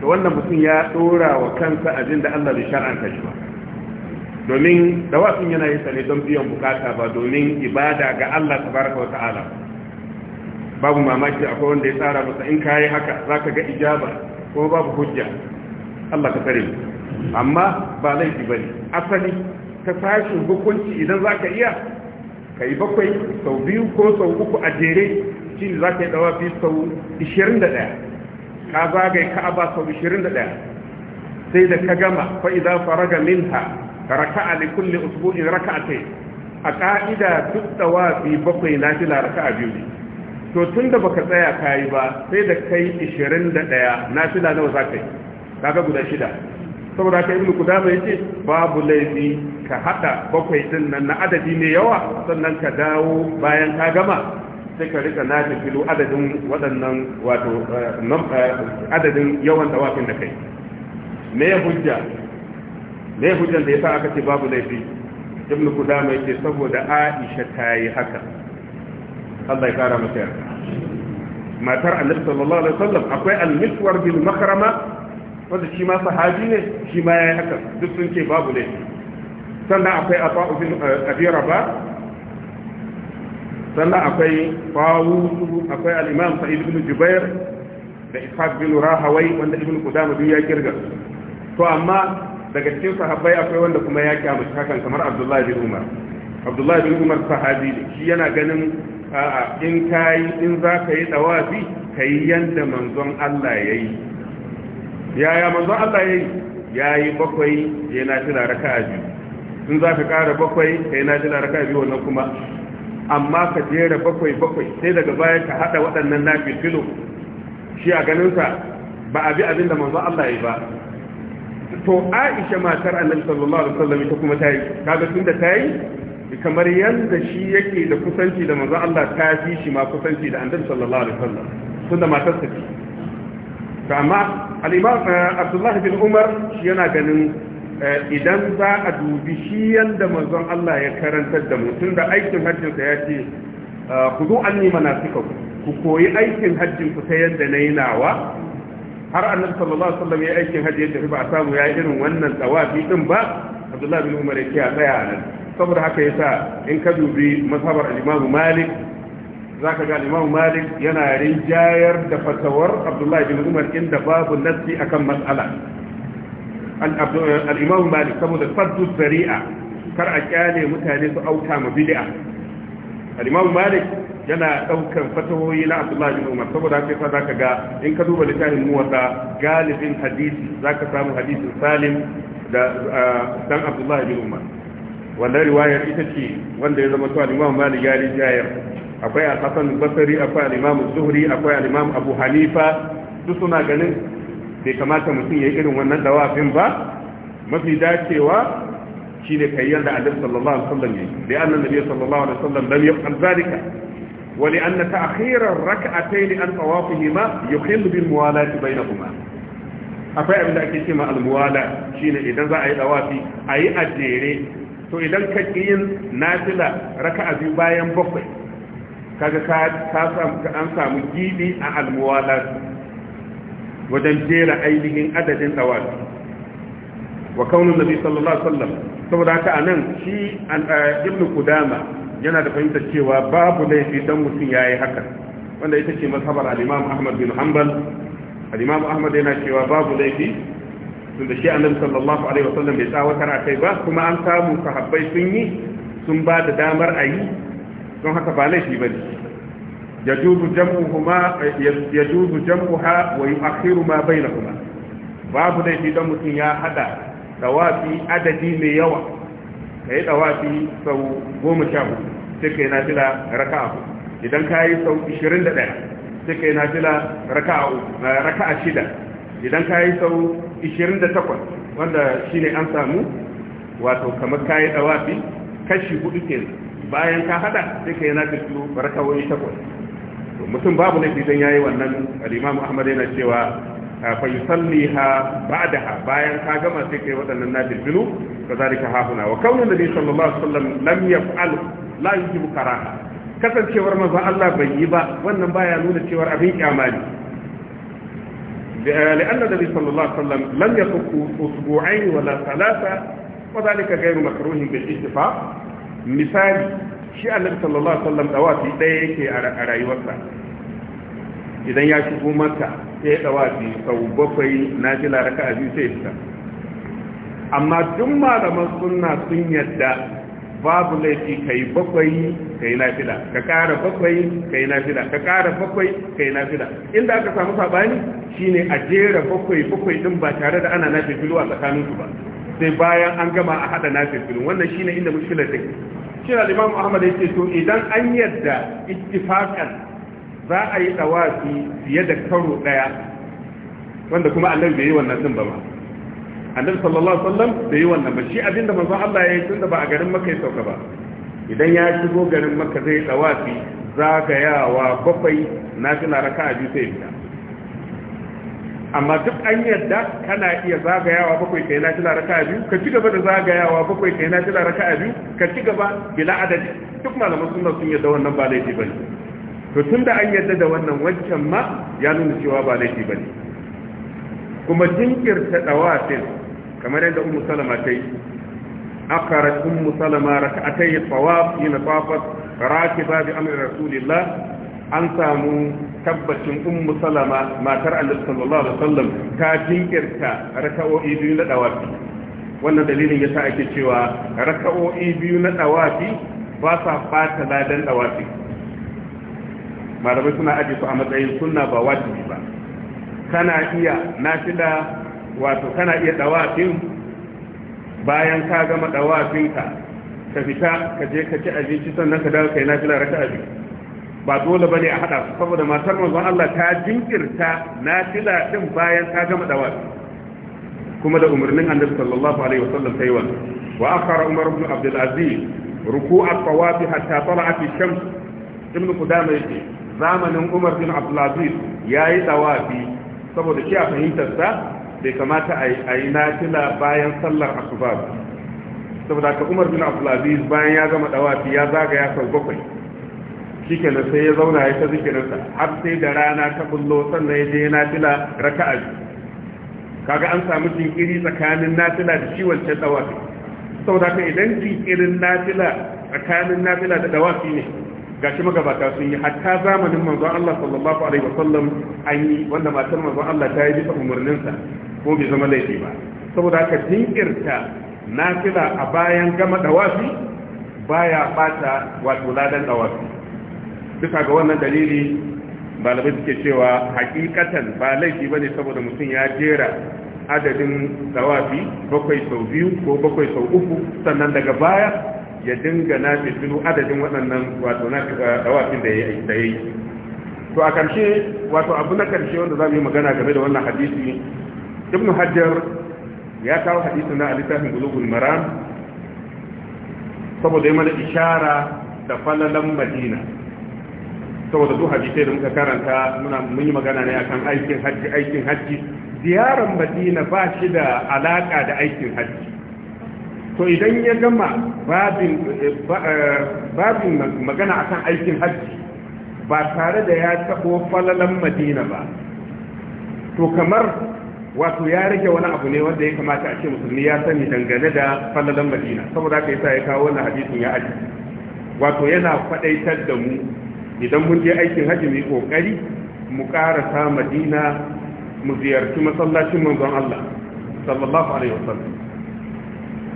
[SPEAKER 2] to wannan mutum ya dora wa kansa abin da Allah bai shar'anta shi ba domin dawafin yana yi sane don biyan bukata ba domin ibada ga Allah baraka wa ta'ala babu mamaki akwai wanda ya tsara masa in kayi haka zaka ga ijaba ko babu hujja Allah ka tare amma ba laifi bane asali ta tashi hukunci idan zaka iya ka yi bakwai sau biyu ko sau uku a jere shi ne zaka yi dawafi sau 21 ka zagaye ka'aba sau 21 sai da ka gama fa fara faraga minha raka'a li kulli usbu'in raka'atayn a ka'ida duk wafi bakwai nafila raka'a biyu ne to tunda baka tsaya kai ba sai da kai 21 nafila nawa za ka yi kaga guda shida saboda ka ibnu kudama yace babu laifi ka hada bakwai din nan na adadi mai yawa sannan ka dawo bayan ka gama sai ka rika na filo adadin waɗannan wato eh, eh, adadin yawan dawafin da kai me hujja me hujjan da yasa aka ce babu laifi ibnu kudama yake saboda aisha ta yi haka Allah ya kara mata yarda matar annabi sallallahu alaihi wasallam akwai al-miswar bil makrama wanda shi ma sahabi ne shi ma yayi haka duk sun ce babu laifi sannan akwai ata'u bin eh, abi rabah sannan akwai fawu akwai al' al-imam sa'id ibn jubair da ishaq bin rahawai wanda ibn kudama duk ya kirga to amma daga cikin sahabbai akwai wanda kuma ya kyamaci hakan kamar abdullahi bin umar abdullahi bin umar sahabi ne shi yana ganin a'a in kayi in za ka yi dawafi ka yi yadda manzon allah ya yi yaya manzon allah ya yi ya yi bakwai ya na jira raka a biyu in za ka kara bakwai ka yi na jira raka a biyu wannan kuma amma ka jera bakwai bakwai sai daga baya ka haɗa waɗannan nafi filo shi a ganinsa ba a bi abin da manzon allah ya yi ba to aisha matar annabi sallallahu alaihi wasallam ita kuma tayi kaga tunda tayi kamar yanda shi yake da kusanci da manzo Allah ta fi shi ma kusanci da annabi sallallahu alaihi wasallam tunda matar ta ce to amma al-imam eh, Abdullah bin Umar shi yana ganin eh, idan za a dubi shi yanda manzon Allah ya karantar da mu tunda aikin hajjin sa ya ce eh, ku zo anni nima ku koyi aikin hajjin ku ta yanda na yi nawa har annabi sallallahu alaihi wasallam ya aikin hajji ya tafi ba a samu ya irin wannan tawafi din ba abdullahi bin umar yake a tsaya nan saboda haka yasa in ka dubi masabar al-imam malik zaka ga al-imam malik yana rinjayar da fatawar abdullahi bin umar inda babu nassi akan mas'ala al-imam malik saboda faddu zari'a kar a kyale mutane su auta ma bid'a al-imam malik yana daukan fatawoyi na Abdullah bin Umar saboda haka yasa zaka ga in ka duba littafin muwatta galibin hadisi zaka samu hadisin Salim da dan Abdullahi bin Umar wannan riwayar ita ce wanda ya zama to Imam Malik ya rijayar akwai al-Hasan Basri akwai al-Imam Zuhri akwai al-Imam Abu Hanifa duk suna ganin bai kamata mutum ya yi irin wannan dawafin ba mafi dacewa shine kayyar da Annabi sallallahu alaihi wasallam yayi da annabi sallallahu alaihi wasallam lam yaf'al zalika ولأن تأخير الركعتين عن طوافهما يخل بالموالاة بينهما akwai abin da ake cema almuwala shine idan za a yi dawafi a yi a jere to idan ka yin nafila raka a biyu bayan bakwai kaga ka an samu gidi a almuwala wajen jera ainihin adadin dawafi wa kaunin nabi sallallahu alaihi wasallam saboda haka anan shi ibn kudama yana da fahimtar cewa babu laifi dan mutum yayi haka wanda ita ce mazhabar al-Imam Ahmad bin Hanbal al-Imam Ahmad yana cewa babu laifi tunda shi Annabi sallallahu alaihi wasallam bai tsawatar a kai ba kuma an samu sahabbai sun yi sun ba da damar ayi don haka ba laifi bane yajuzu jam'uhuma yajuzu jam'uha wa yu'akhiru ma bainahuma babu laifi dan mutum ya hada dawafi adadi mai yawa kai dawafi sau goma sha hudu sai kai nafila raka'a idan ka yi sau 21 sai kai nafila raka'a shida idan ka yi sau 28 wanda shine an samu wato kamar ka yi dawafi kashi hudu ke bayan ka hada sai kai raka wani takwas mutum babu nafi ya yayi wannan al-imam ahmad yana cewa fa yusalliha ba'daha bayan ka gama sai kai waɗannan nafilu kazalika hafuna wa kaunu nabi sallallahu alaihi wasallam lam yaf'al la yujibu karaha kasancewar manzon Allah bai yi ba wannan baya nuna cewar abin ne. kyamali لأن النبي صلى الله عليه وسلم لم يفك أسبوعين ولا ثلاثة وذلك غير مكروه بالاتفاق Misali shi annabi sallallahu alaihi wasallam dawafi ɗaya yake a rayuwarsa idan ya shigo maka ya dawafi sau bakwai na ji laraka a biyu sai amma duk malaman suna sun yadda babu laifi ka yi bakwai ka yi nafila ka ƙara bakwai ka yi nafila ka ƙara bakwai ka yi nafila inda aka samu saɓani shine a jera bakwai bakwai ɗin ba tare da ana filo a su ba sai bayan an gama a haɗa filo wannan shine inda mushkilar take shi na limamu ahmad ya ce to idan an yadda ittifakan za a yi tsawafi fiye da karo daya wanda kuma annabi bai yi wannan din ba ma annabi sallallahu alaihi wasallam bai yi wannan ba shi abinda manzo Allah ya yi tunda ba a garin Makka ya sauka ba idan ya shigo garin Makka zai tsawafi zagayawa bakwai na nafila raka'a biyu sai fita amma duk an yadda kana iya zagayawa bakwai kai na tila raka'a biyu ka ci gaba da zagayawa bakwai kai na tila raka'a biyu ka ci gaba bila adadi duk malaman sunna sun yadda wannan ba laifi bane to tun da an yadda da wannan wancan ma ya nuna cewa ba laifi ba ne kuma jinkirta dawafin kamar yadda umu salama ta yi Akara umu salama raka'atai na yana tawafat rakiba bi amri rasulillah an samu tabbacin ummu salama matar annabi sallallahu alaihi wasallam ta jinkirta raka'o'i biyu na dawafi wannan dalilin ya yasa ake cewa raka'o'i biyu na dawafi ba sa bata ladan dawafi malamai suna aji su a matsayin suna ba wajibi ba kana iya na nafila wato kana iya dawafin bayan ka gama dawafinka ka fita ka je ka ci abinci sannan ka dawo kai na nafila raka'a biyu ba dole bane a hada saboda matar manzon Allah ta jinkirta na nafila din bayan ka gama dawafi kuma da umarnin annabi sallallahu alaihi wasallam sai wannan wa akhara umar ibn abdul aziz ruku'a tawafi hatta tala'at ash-shams ibn qudamah yake zamanin umar bin abdulaziz ya yi tawafi saboda shi a fahimtarsa bai kamata a yi nafila bayan sallar asuba saboda ka umar bin abdulaziz bayan ya gama tawafi ya zaga ya sau bakwai shikenan sai ya zauna ya ta zikirinsa har sai da rana ta bullo sannan ya je ya nafila raka'a kaga an samu jinkiri tsakanin nafila da shi wancan tawafi saboda ka idan jinkirin nafila tsakanin nafila da tawafi ne Ga gashi magabata sun yi hatta zamanin manzon Allah sallallahu alaihi wa sallam an yi wanda matar manzon Allah ta yi bisa sa ko bai zama laifi ba saboda haka jinkirta nafila a bayan gama dawafi baya bata wato ladan dawafi bisa ga wannan dalili malamai suke cewa hakikatan ba laifi bane saboda mutum ya jera adadin dawafi bakwai sau biyu ko bakwai sau uku sannan daga baya ya dinga na fitilu adadin waɗannan wato na dawafin da ya yi to a ƙarshe, wato abu na ƙarshe wanda za mu yi magana game da wannan hadisi ibn hajjar ya kawo hadisi na alitafin gulugun maram saboda yi mana ishara da falalan madina saboda duk hadisai da muka karanta muna mun yi magana ne akan aikin hajji aikin hajji ziyarar madina ba shi da alaƙa da aikin hajji to idan ya gama babin eh, eh, magana akan aikin hajji ba tare da ya taɓo falalan madina ba to kamar wato ya rage wani abu ne wanda ya kamata a ce musulmi ya sani dangane da falalan madina saboda ka yasa ya kawo wannan hadisin ya aji wato yana faɗaitar da mu idan mun je aikin hajji mu yi ƙoƙari mu ƙarasa madina mu ziyarci masallacin manzon Allah sallallahu alaihi wasallam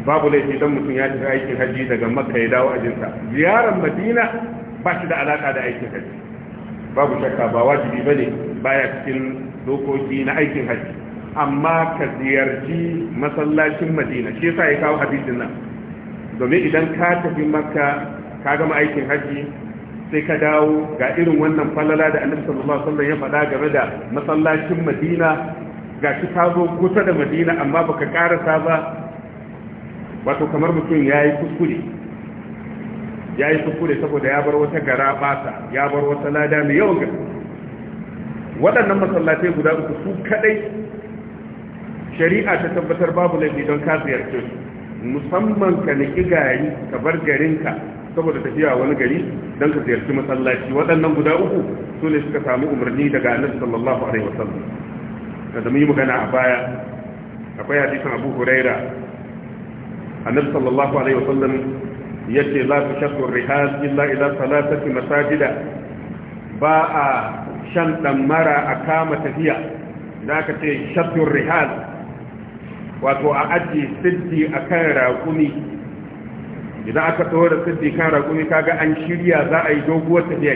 [SPEAKER 2] babu laifi dan mutum ya tafi aikin haji daga makka ya dawo ajinsa ziyarar madina ba shi da alaka da aikin haji babu shakka ba wajibi bane baya cikin dokoki na aikin haji amma ka ziyarci masallacin madina shi yasa ya kawo hadisin nan domin idan ka tafi makka ka gama aikin haji sai ka dawo ga irin wannan falala da annabi sallallahu alaihi wasallam ya faɗa game da masallacin madina ga shi ka zo kusa da madina amma baka karasa ba wato kamar mutum ya yi kuskure ya yi kuskure saboda ya bar wata gara bata ya bar wata lada mai yawan gaske waɗannan masallatai guda uku su kadai shari'a ta tabbatar babu laifi don ka ziyarce musamman ka niki gari ka bar garinka saboda tafiya wani gari don ka ziyarci masallaci waɗannan guda uku su ne suka samu umarni daga annabi sallallahu alaihi wasallam kada mu yi magana a baya akwai hadisin abu huraira annabi sallallahu alaihi wa ya ce za la tushaddu rihal illa ila salatati masajida ba a shan damara a kama tafiya da aka ce shaddu rihal wato a aji siddi a kan raƙumi idan aka tsawar da siddi kan raƙumi kaga an shirya za a yi doguwar tafiya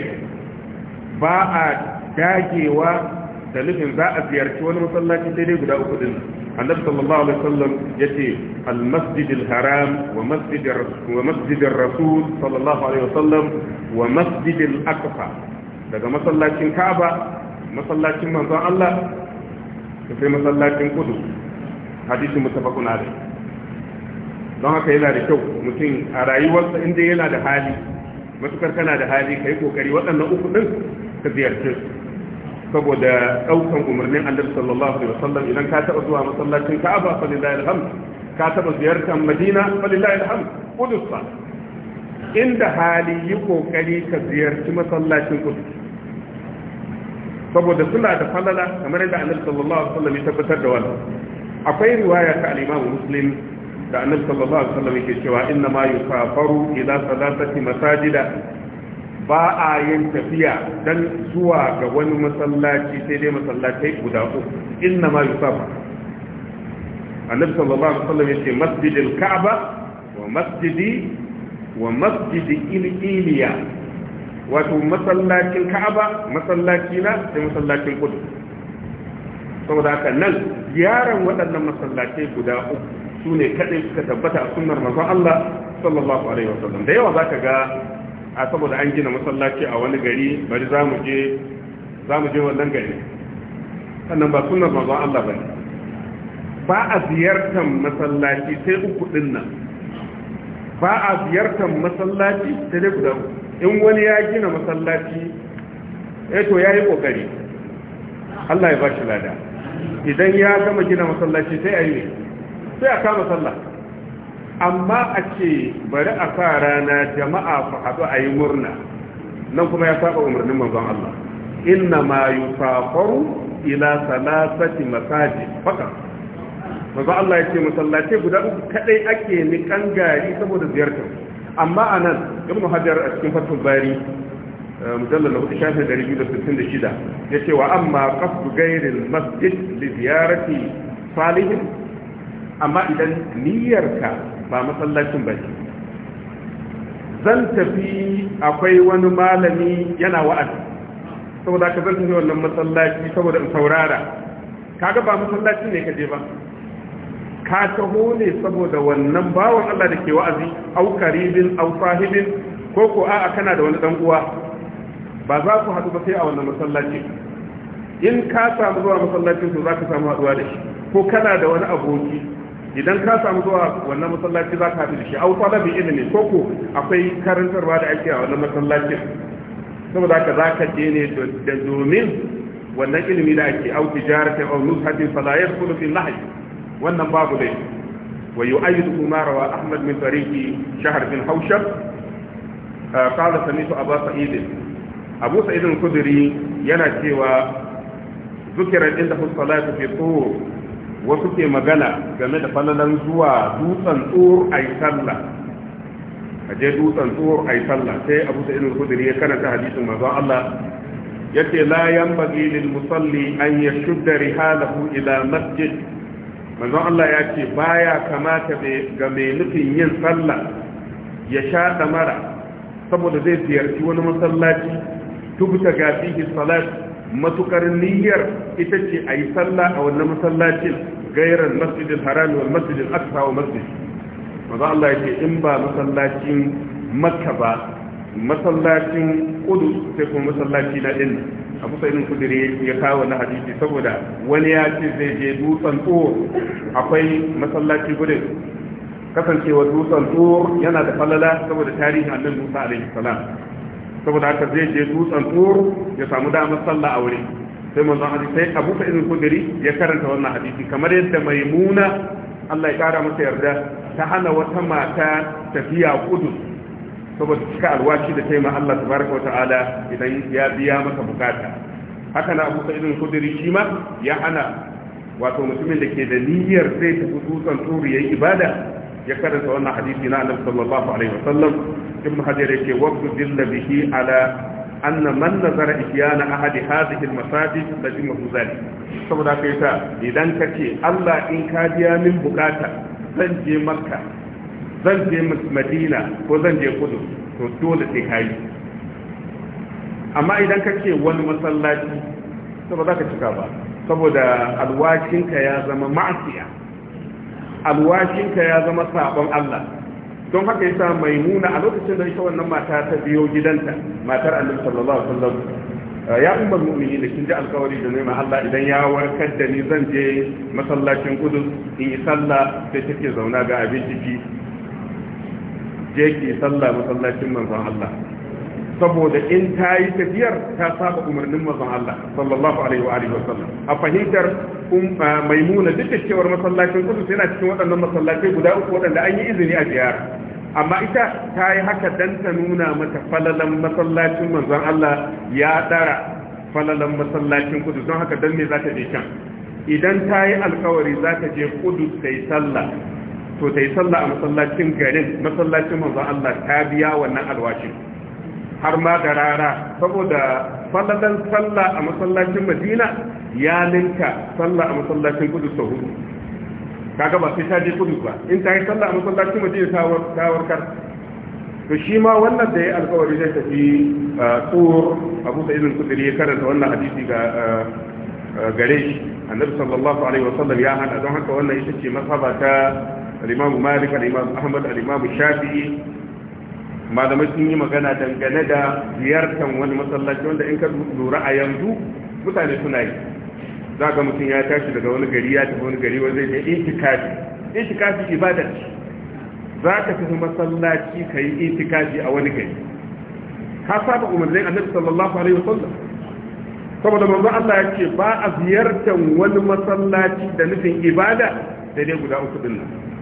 [SPEAKER 2] ba a dagewa da nufin za a ziyarci wani masallaci sai dai guda uku din annabi sallallahu alaihi wasallam yace al masjid al haram wa masjid wa masjid ar rasul sallallahu alaihi wasallam wa masjid al aqsa daga masallacin kaaba masallacin manzon Allah da sai masallacin kudu hadisi mutafakun alaihi don haka yana da kyau mutum a rayuwarsa inda yana da hali matukar kana da hali ka yi kokari waɗannan uku ɗin ka ziyarce su saboda ɗaukan umarnin annabi sallallahu alaihi wasallam idan ka taɓa zuwa masallacin ka'aba fa lillahi alhamd ka taɓa ziyartar madina fa lillahi alhamd qudus inda hali yi kokari ka ziyarci masallacin qudus saboda suna da falala kamar yadda annabi sallallahu alaihi wasallam ya tabbatar da wannan akwai riwaya ta al-Imam Muslim da annabi sallallahu alaihi wasallam yake cewa inna ma yusafaru ila salatati masajida ba a yin tafiya don zuwa ga wani masallaci sai dai masallatai guda uku inna ma saba annabi sallallahu alaihi wasallam yace masjidin ka'aba wa masjidi wa masjidi iliya wato masallacin ka'aba masallaci na da masallacin kudu saboda haka nan ziyaran waɗannan masallacai guda uku su ne kaɗai suka tabbata a sunnar manzon Allah sallallahu alaihi wasallam da yawa za ka ga a saboda an gina masallaci a wani gari bari za mu je za je wannan gari sannan ba sunan manzon Allah ba ba a ziyartar masallaci sai uku din nan ba a ziyartar masallaci sai dai guda in wani ya gina masallaci eh to yayi kokari Allah ya ba shi lada idan ya gama gina masallaci sai ayi sai a kama sallah amma a ce bari a sa rana jama'a su haɗu a yi murna nan kuma ya saba umarnin manzon Allah inna ma yusafaru ila salasati masaji fakan. manzon Allah ya ce musallace guda uku kadai ake nikan gari saboda ziyartar amma a nan, ibnu hajar a cikin fatul bari مجلد له شافه دريجي ده 66 da sittin da shida ya ce wa amma idan niyyarka ba masallacin ba zan tafi akwai wani malami yana wa'azi saboda ka zan tafi wannan masallaci saboda in saurara kaga ba masallacin ne ka je ba ka taho ne saboda wannan bawan Allah da ke wa'azi au karibin au sahibin ko ko a'a kana da wani dan uwa ba za ku haɗu ba sai a wannan masallaci in ka samu zuwa masallacin to za ka samu haɗuwa da shi ko kana da wani aboki idan ka samu zuwa wannan masallaci za ka haɗu da shi a au talabi ilimi ko ko akwai karantarwa da ake a wannan masallacin saboda haka za ka je ne da domin wannan ilimi da ake au tijaratin au nushatin fala yadkhulu fi nahj wannan babu dai wa yu'ayyidu ma rawa ahmad min tariqi shahr bin hawshab qala sami'tu aba sa'id abu sa'id al-khudri yana cewa ذكر عنده الصلاة في طور wasu ke magana game da falalan zuwa dutsen tsur a yi sallah a je dutsen tsur a yi sallah sai abu sa'id al-khudri ya karanta hadisin manzon Allah yace la yanbaghi lil musalli an yashudda rihalahu ila masjid manzon Allah ya ce baya kamata ga mai nufin yin sallah ya sha mara saboda zai ziyarci wani masallaci tubta ga fihi salat matukar niyyar ita ce a yi sallah a wannan masallacin gairar masjidin harami wa masjidin aksa wa masjid maza Allah ya ce in ba masallacin makka ba masallacin kudu sai kuma masallaci na din abu sai kudiri ya kawo na hadisi saboda wani ya ce zai je dutsen tsohon akwai masallaci gudun kasancewa dutsen tsohon yana da falala saboda tarihin annan Musa alaihi salam saboda haka zai je dutsen tur ya samu damar sallah a wuri sai manzon hadisi sai abu sa'id al-khudri ya karanta wannan hadisi kamar yadda maimuna Allah ya kara masa yarda ta hana wata mata tafiya kudu saboda cika alwashi da taima Allah tabaraka wata'ala idan ya biya masa bukata haka na abu sa'id al-khudri shi ma ya hana wato mutumin da ke da niyyar zai tafi dutsen tur yi ibada ya karanta wannan hadisi na annabi sallallahu alaihi wasallam ibn hajar yake wabdu dilla bihi ala anna man nazara ihyana ahadi hadhihi almasajid lajima zalik saboda kai ta idan kace Allah in ka biya min bukata zan je makka zan je madina ko zan je kudu to dole sai kai amma idan kace wani masallaci saboda ka cika ba saboda alwakinka ya zama ma'asiya alwashinka ya zama sabon Allah don haka yasa maimuna a lokacin da ita wannan mata ta biyo gidanta matar annabi sallallahu alaihi wasallam ah, ya ummul mu'minin da kin ji alƙawari da nema Allah idan ya warkar da ni zan je masallacin Qudus in yi sallah sai take zauna ga abin ciki je ki sallah masallacin manzon Allah saboda in ta yi tafiyar ta saba umarnin mazan Allah sallallahu alaihi wa alihi a fahimtar um, maimuna duk da cewar masallacin kudu yana cikin waɗannan masallacin guda uku waɗanda an yi izini a ziyara amma ita ta yi haka dan ta nuna mata falalan masallacin manzon Allah ya ɗara falalan masallacin kudu don haka dan me za ta je can idan ta yi alkawari za ta je kudu ta yi sallah to ta yi sallah a masallacin garin masallacin manzon Allah ta biya wannan alwashin har ma da rara saboda falalan sallah a masallacin madina ya ninka sallah a masallacin kudu sau hudu kaga ba sai ta je kudu ba in ta yi sallah a masallacin madina ta warkar to shi ma wannan da ya alkawari zai tafi tsohon abu da izin kudiri ya karanta wannan hadisi ga gare shi annabi sallallahu alaihi wasallam ya hada don haka wannan ita ce masaba ta al-imam malik al-imam ahmad al-imam shafi'i malamai sun yi magana dangane da ziyartar wani masallaci wanda in ka lura a yanzu mutane suna yi za ga mutum ya tashi daga wani gari ya tafi wani gari wanda zai je intikafi. Intikafi ibada za ka tafi masallaci ka yi intikafi a wani gari ka saba umarnin annabi sallallahu alaihi wasallam saboda manzo Allah ya ce ba a ziyartar wani masallaci da nufin ibada da dai guda uku din nan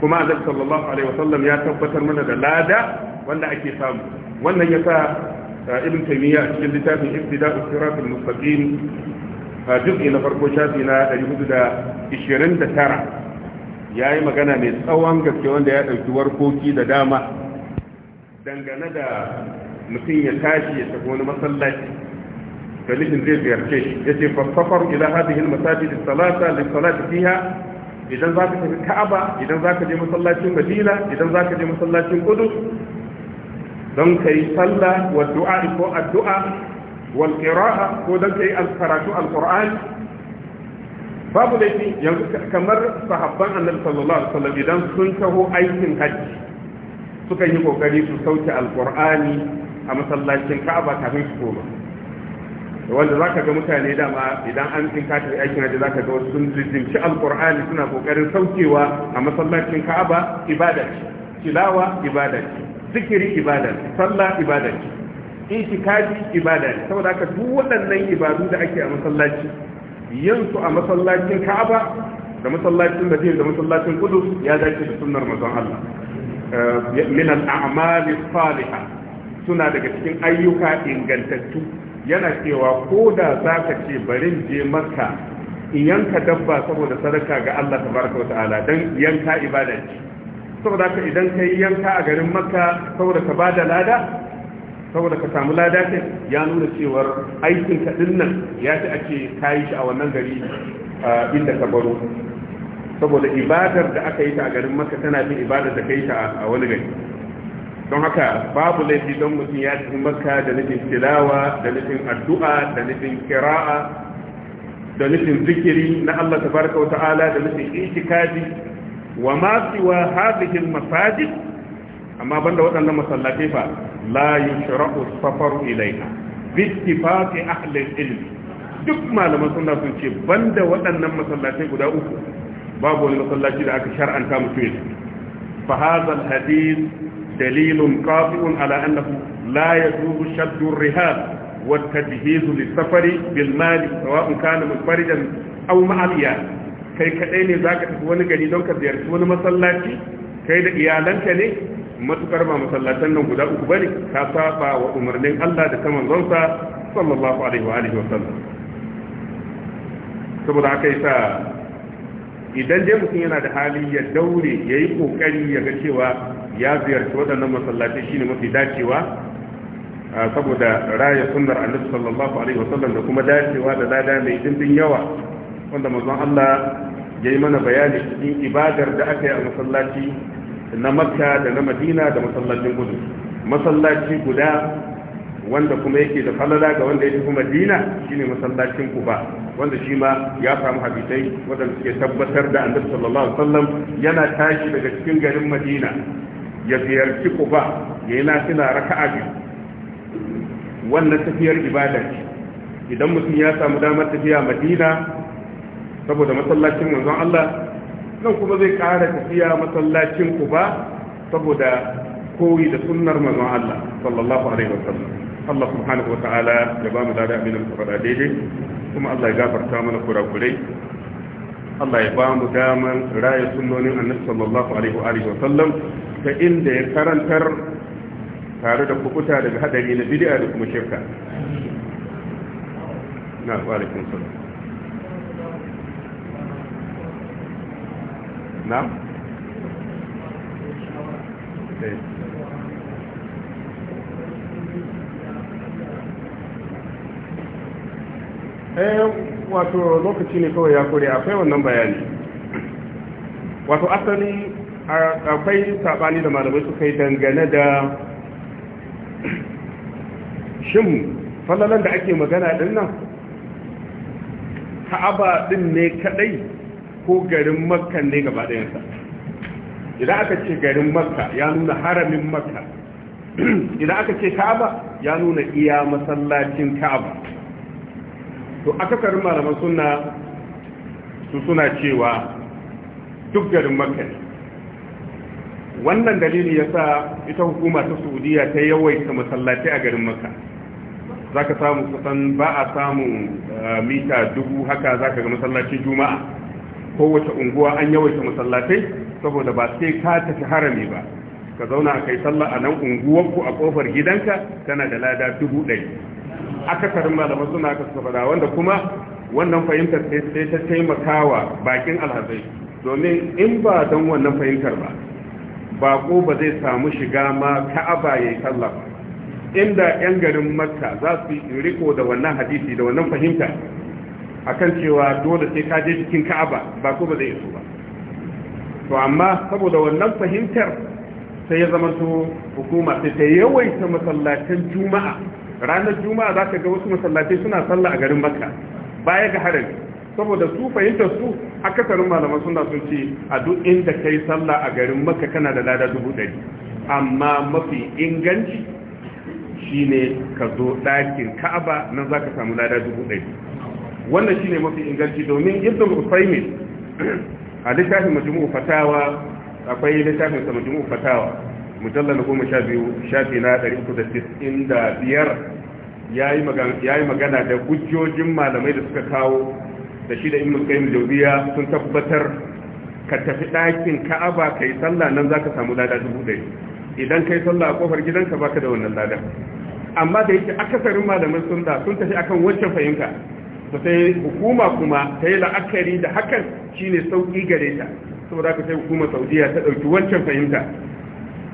[SPEAKER 2] kuma annabi sallallahu alaihi wasallam ya tabbatar mana da lada wanda ake samu wannan ya sa uh, ibn taymiya a cikin littafin ibtida'us siratal mustaqim uh, juz'i na farko shafi na 429 yi magana mai tsawon gaske wanda ya ɗauki warkoki da dama dangane da mutum ya tashi ya tafi wani masallaci dalilin zai ziyarce shi yace fa safar ila hadhihi al-masajid as-salata lis-salati fiha idan za ka tafi ka'aba idan za ka je masallacin madina idan za ka je masallacin kudu don ka yi sallah wa du'a ko addu'a wal qira'a ko don ka yi karatu alqur'ani babu laifi yanzu kamar sahabban annabi sallallahu alaihi wasallam idan sun taho aikin hajji suka yi kokari su sauke alqur'ani a masallacin ka'aba kafin su koma wanda za ka ga mutane dama idan an cin kata aikin hajji za ka ga wasu sun lizimci alkur'ani suna kokarin saukewa a masallacin ka'aba ibada ce tilawa ibada ce zikiri ibada ce sallah ibada ce itikafi ibada ce saboda ka duk waɗannan ibadu da ake a masallaci yin su a masallacin ka'aba da masallacin madina da masallacin kudus ya dace da sunnar manzon Allah eh, min al-a'mal as-salihah suna daga cikin ayyuka ingantattu yana cewa ko da za ka ce barin je maka in yanka dabba saboda sadaka ga Allah tabaraka wa ta'ala dan yanka ibada ce saboda ka idan ka yi yanka a garin maka saboda ka bada lada saboda ka samu lada ce ya nuna cewar aikin ka dinnan ya ci ake kayi shi a wannan gari ah, inda ka baro saboda ibadar da aka yi ta a garin maka tana fi ibadar da ka yi ta a wani gari don haka babu laifi don mutum ya tafi maka da nufin tilawa da nufin addu'a da nufin kira'a da nufin zikiri na Allah tabaraka wa ta'ala da nufin itikafi wa ma siwa hadhihi al-masajid amma banda waɗannan masallatai fa la yushra'u safaru ilayha bi ittifaqi ahli al-ilm duk malaman suna sun ce banda waɗannan masallatai guda uku babu wani masallaci da aka shar'anta mutum ya fa hadha al دليل قاطع على أنه لا يجوز شد الرهاب والتجهيز للسفر بالمال سواء كان منفردا أو مع العيال kai kaɗai ne za ka tafi wani gari don ka ziyarci wani masallaci kai da iyalanka ne matukar ba masallatan nan guda uku bane ka saba wa umarnin Allah da ta manzonsa sallallahu wa wa saboda haka yasa idan dai mutum yana da hali ya daure ya yi kokari ya ga cewa ya ziyarci waɗannan masallatai shine mafi dacewa saboda raya sunnar annabi sallallahu alaihi wasallam da kuma dacewa da lada mai dindin yawa wanda manzon Allah ya yi mana bayani cikin ibadar da aka yi a masallaci na makka da na madina da masallacin gudu masallaci guda wanda kuma yake da falala ga wanda ya tafi madina shine masallacin kuba wanda shi ma ya samu hadisai wadanda suke tabbatar da annabi sallallahu alaihi wasallam yana tashi daga cikin garin madina ya ziyarci ku ba ya yi nafila raka'a biyu wannan tafiyar ibadar idan mutum ya samu damar tafiya madina saboda masallacin manzon Allah nan kuma zai ƙara tafiya masallacin ba saboda koyi da sunnar manzon Allah sallallahu alaihi wasallam Allah subhanahu wa ta'ala ya ba mu da abin da muka faɗa daidai kuma Allah ya gafarta mana kurakurai Allah ya ba mu damar raya sunnonin annabi sallallahu alaihi wa sallam ta inda ya karantar tare da kukuta daga hadari na bid'a da kuma shirka na alaikum
[SPEAKER 1] salam na eh.
[SPEAKER 2] Eh, wato lokaci ne kawai ya kore akwai wannan bayani wato asali akwai sabani da malamai suka yi dangane da shin falalan da ake magana din nan ka'aba din ne kadai ko garin makka ne gaba ɗayansa idan aka ce garin makka ya nuna haramin makka idan aka ce ka'aba ya nuna iya masallacin ka'aba to akasarin malaman suna su suna cewa duk garin makka ne wannan dalili ya sa ita hukuma ta saudiya ta yawaita masallaci a garin makka za ka samu kusan ba a samun eh, mita dubu haka za ka ga masallaci juma'a kowace unguwa an yawaita masallatai saboda ba sai ka tafi harami ba ka zauna a kai sallah a nan unguwarku a kofar gidanka tana da lada dubu ɗari akasarin malaman suna aka suka wanda kuma wannan fahimtar sai ta taimakawa bakin alhazai domin in ba don wannan fahimtar ba bako ba zai samu shiga ma ka'aba yayi sallah inda yan garin makka za su yi riko da wannan hadisi da wannan fahimta akan cewa dole sai ka je cikin ka'aba bako ba zai iso ba to amma saboda wannan fahimtar sai ya zama su hukuma sai ta yawaita masallacin juma'a ranar juma'a za ka ga wasu masallatai suna sallah a garin makka baya ga harami saboda su fahimta su akasarin malaman suna sun ce a duk inda kai sallah a garin makka kana da lada dubu ɗari amma mafi inganci shine ka zo ɗakin ka'aba nan za ka samu lada dubu ɗari wannan shine mafi inganci domin ibn usaimin a littafin majmu'u fatawa akwai littafin sa majmu'u fatawa mujallar na goma sha biyu shafi na ɗari uku da tisin da biyar ya yi magana da gujjojin malamai da suka kawo da shi da in muskayin jauziya sun tabbatar ka tafi ɗakin ka'aba ka yi sallah nan za ka samu lada dubu ɗari idan ka yi sallah a ƙofar gidanka ba ka da wannan lada amma da yake akasarin malamai sun da sun tafi akan wancan fahimta ta sai hukuma kuma ta yi la'akari da hakan shine sauƙi gare ta saboda ka sai hukumar saudiya ta ɗauki wancan fahimta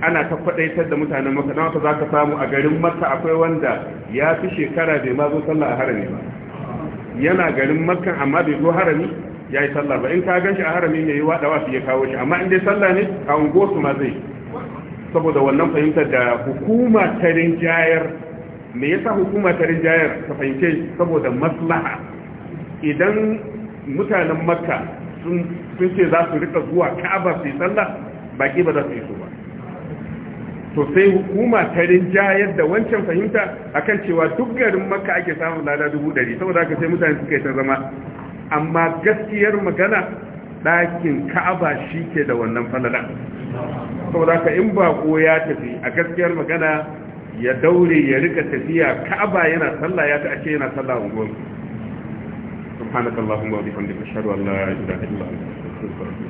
[SPEAKER 2] ana ta kwadaitar da mutanen maka don haka za ka samu a garin Makka akwai wanda ya fi shekara bai ma zo sallah a harami ba yana garin makka amma bai zo harami ya yi sallah ba in ka gan shi a harami ne yi waɗa wasu ya kawo shi amma in dai sallah ne a ungosu ma zai saboda wannan fahimtar da hukuma ta rinjayar me yasa hukuma ta rinjayar ta fahimce saboda maslaha idan mutanen makka sun ce za su rika zuwa ka'aba su yi sallah baƙi ba za su yi su ba to sai hukuma ta rinjayar da wancan fahimta akan cewa duk garin makka ake samun lada dubu ɗari saboda haka sai mutane suka yi ta zama amma gaskiyar magana ɗakin ka'aba shi ke da wannan falala
[SPEAKER 3] saboda haka in
[SPEAKER 2] ba ko ya tafi a gaskiyar magana ya daure ya rika tafiya ka'aba yana sallah ya ta ake yana sallah a
[SPEAKER 1] subhanakallahumma
[SPEAKER 3] wa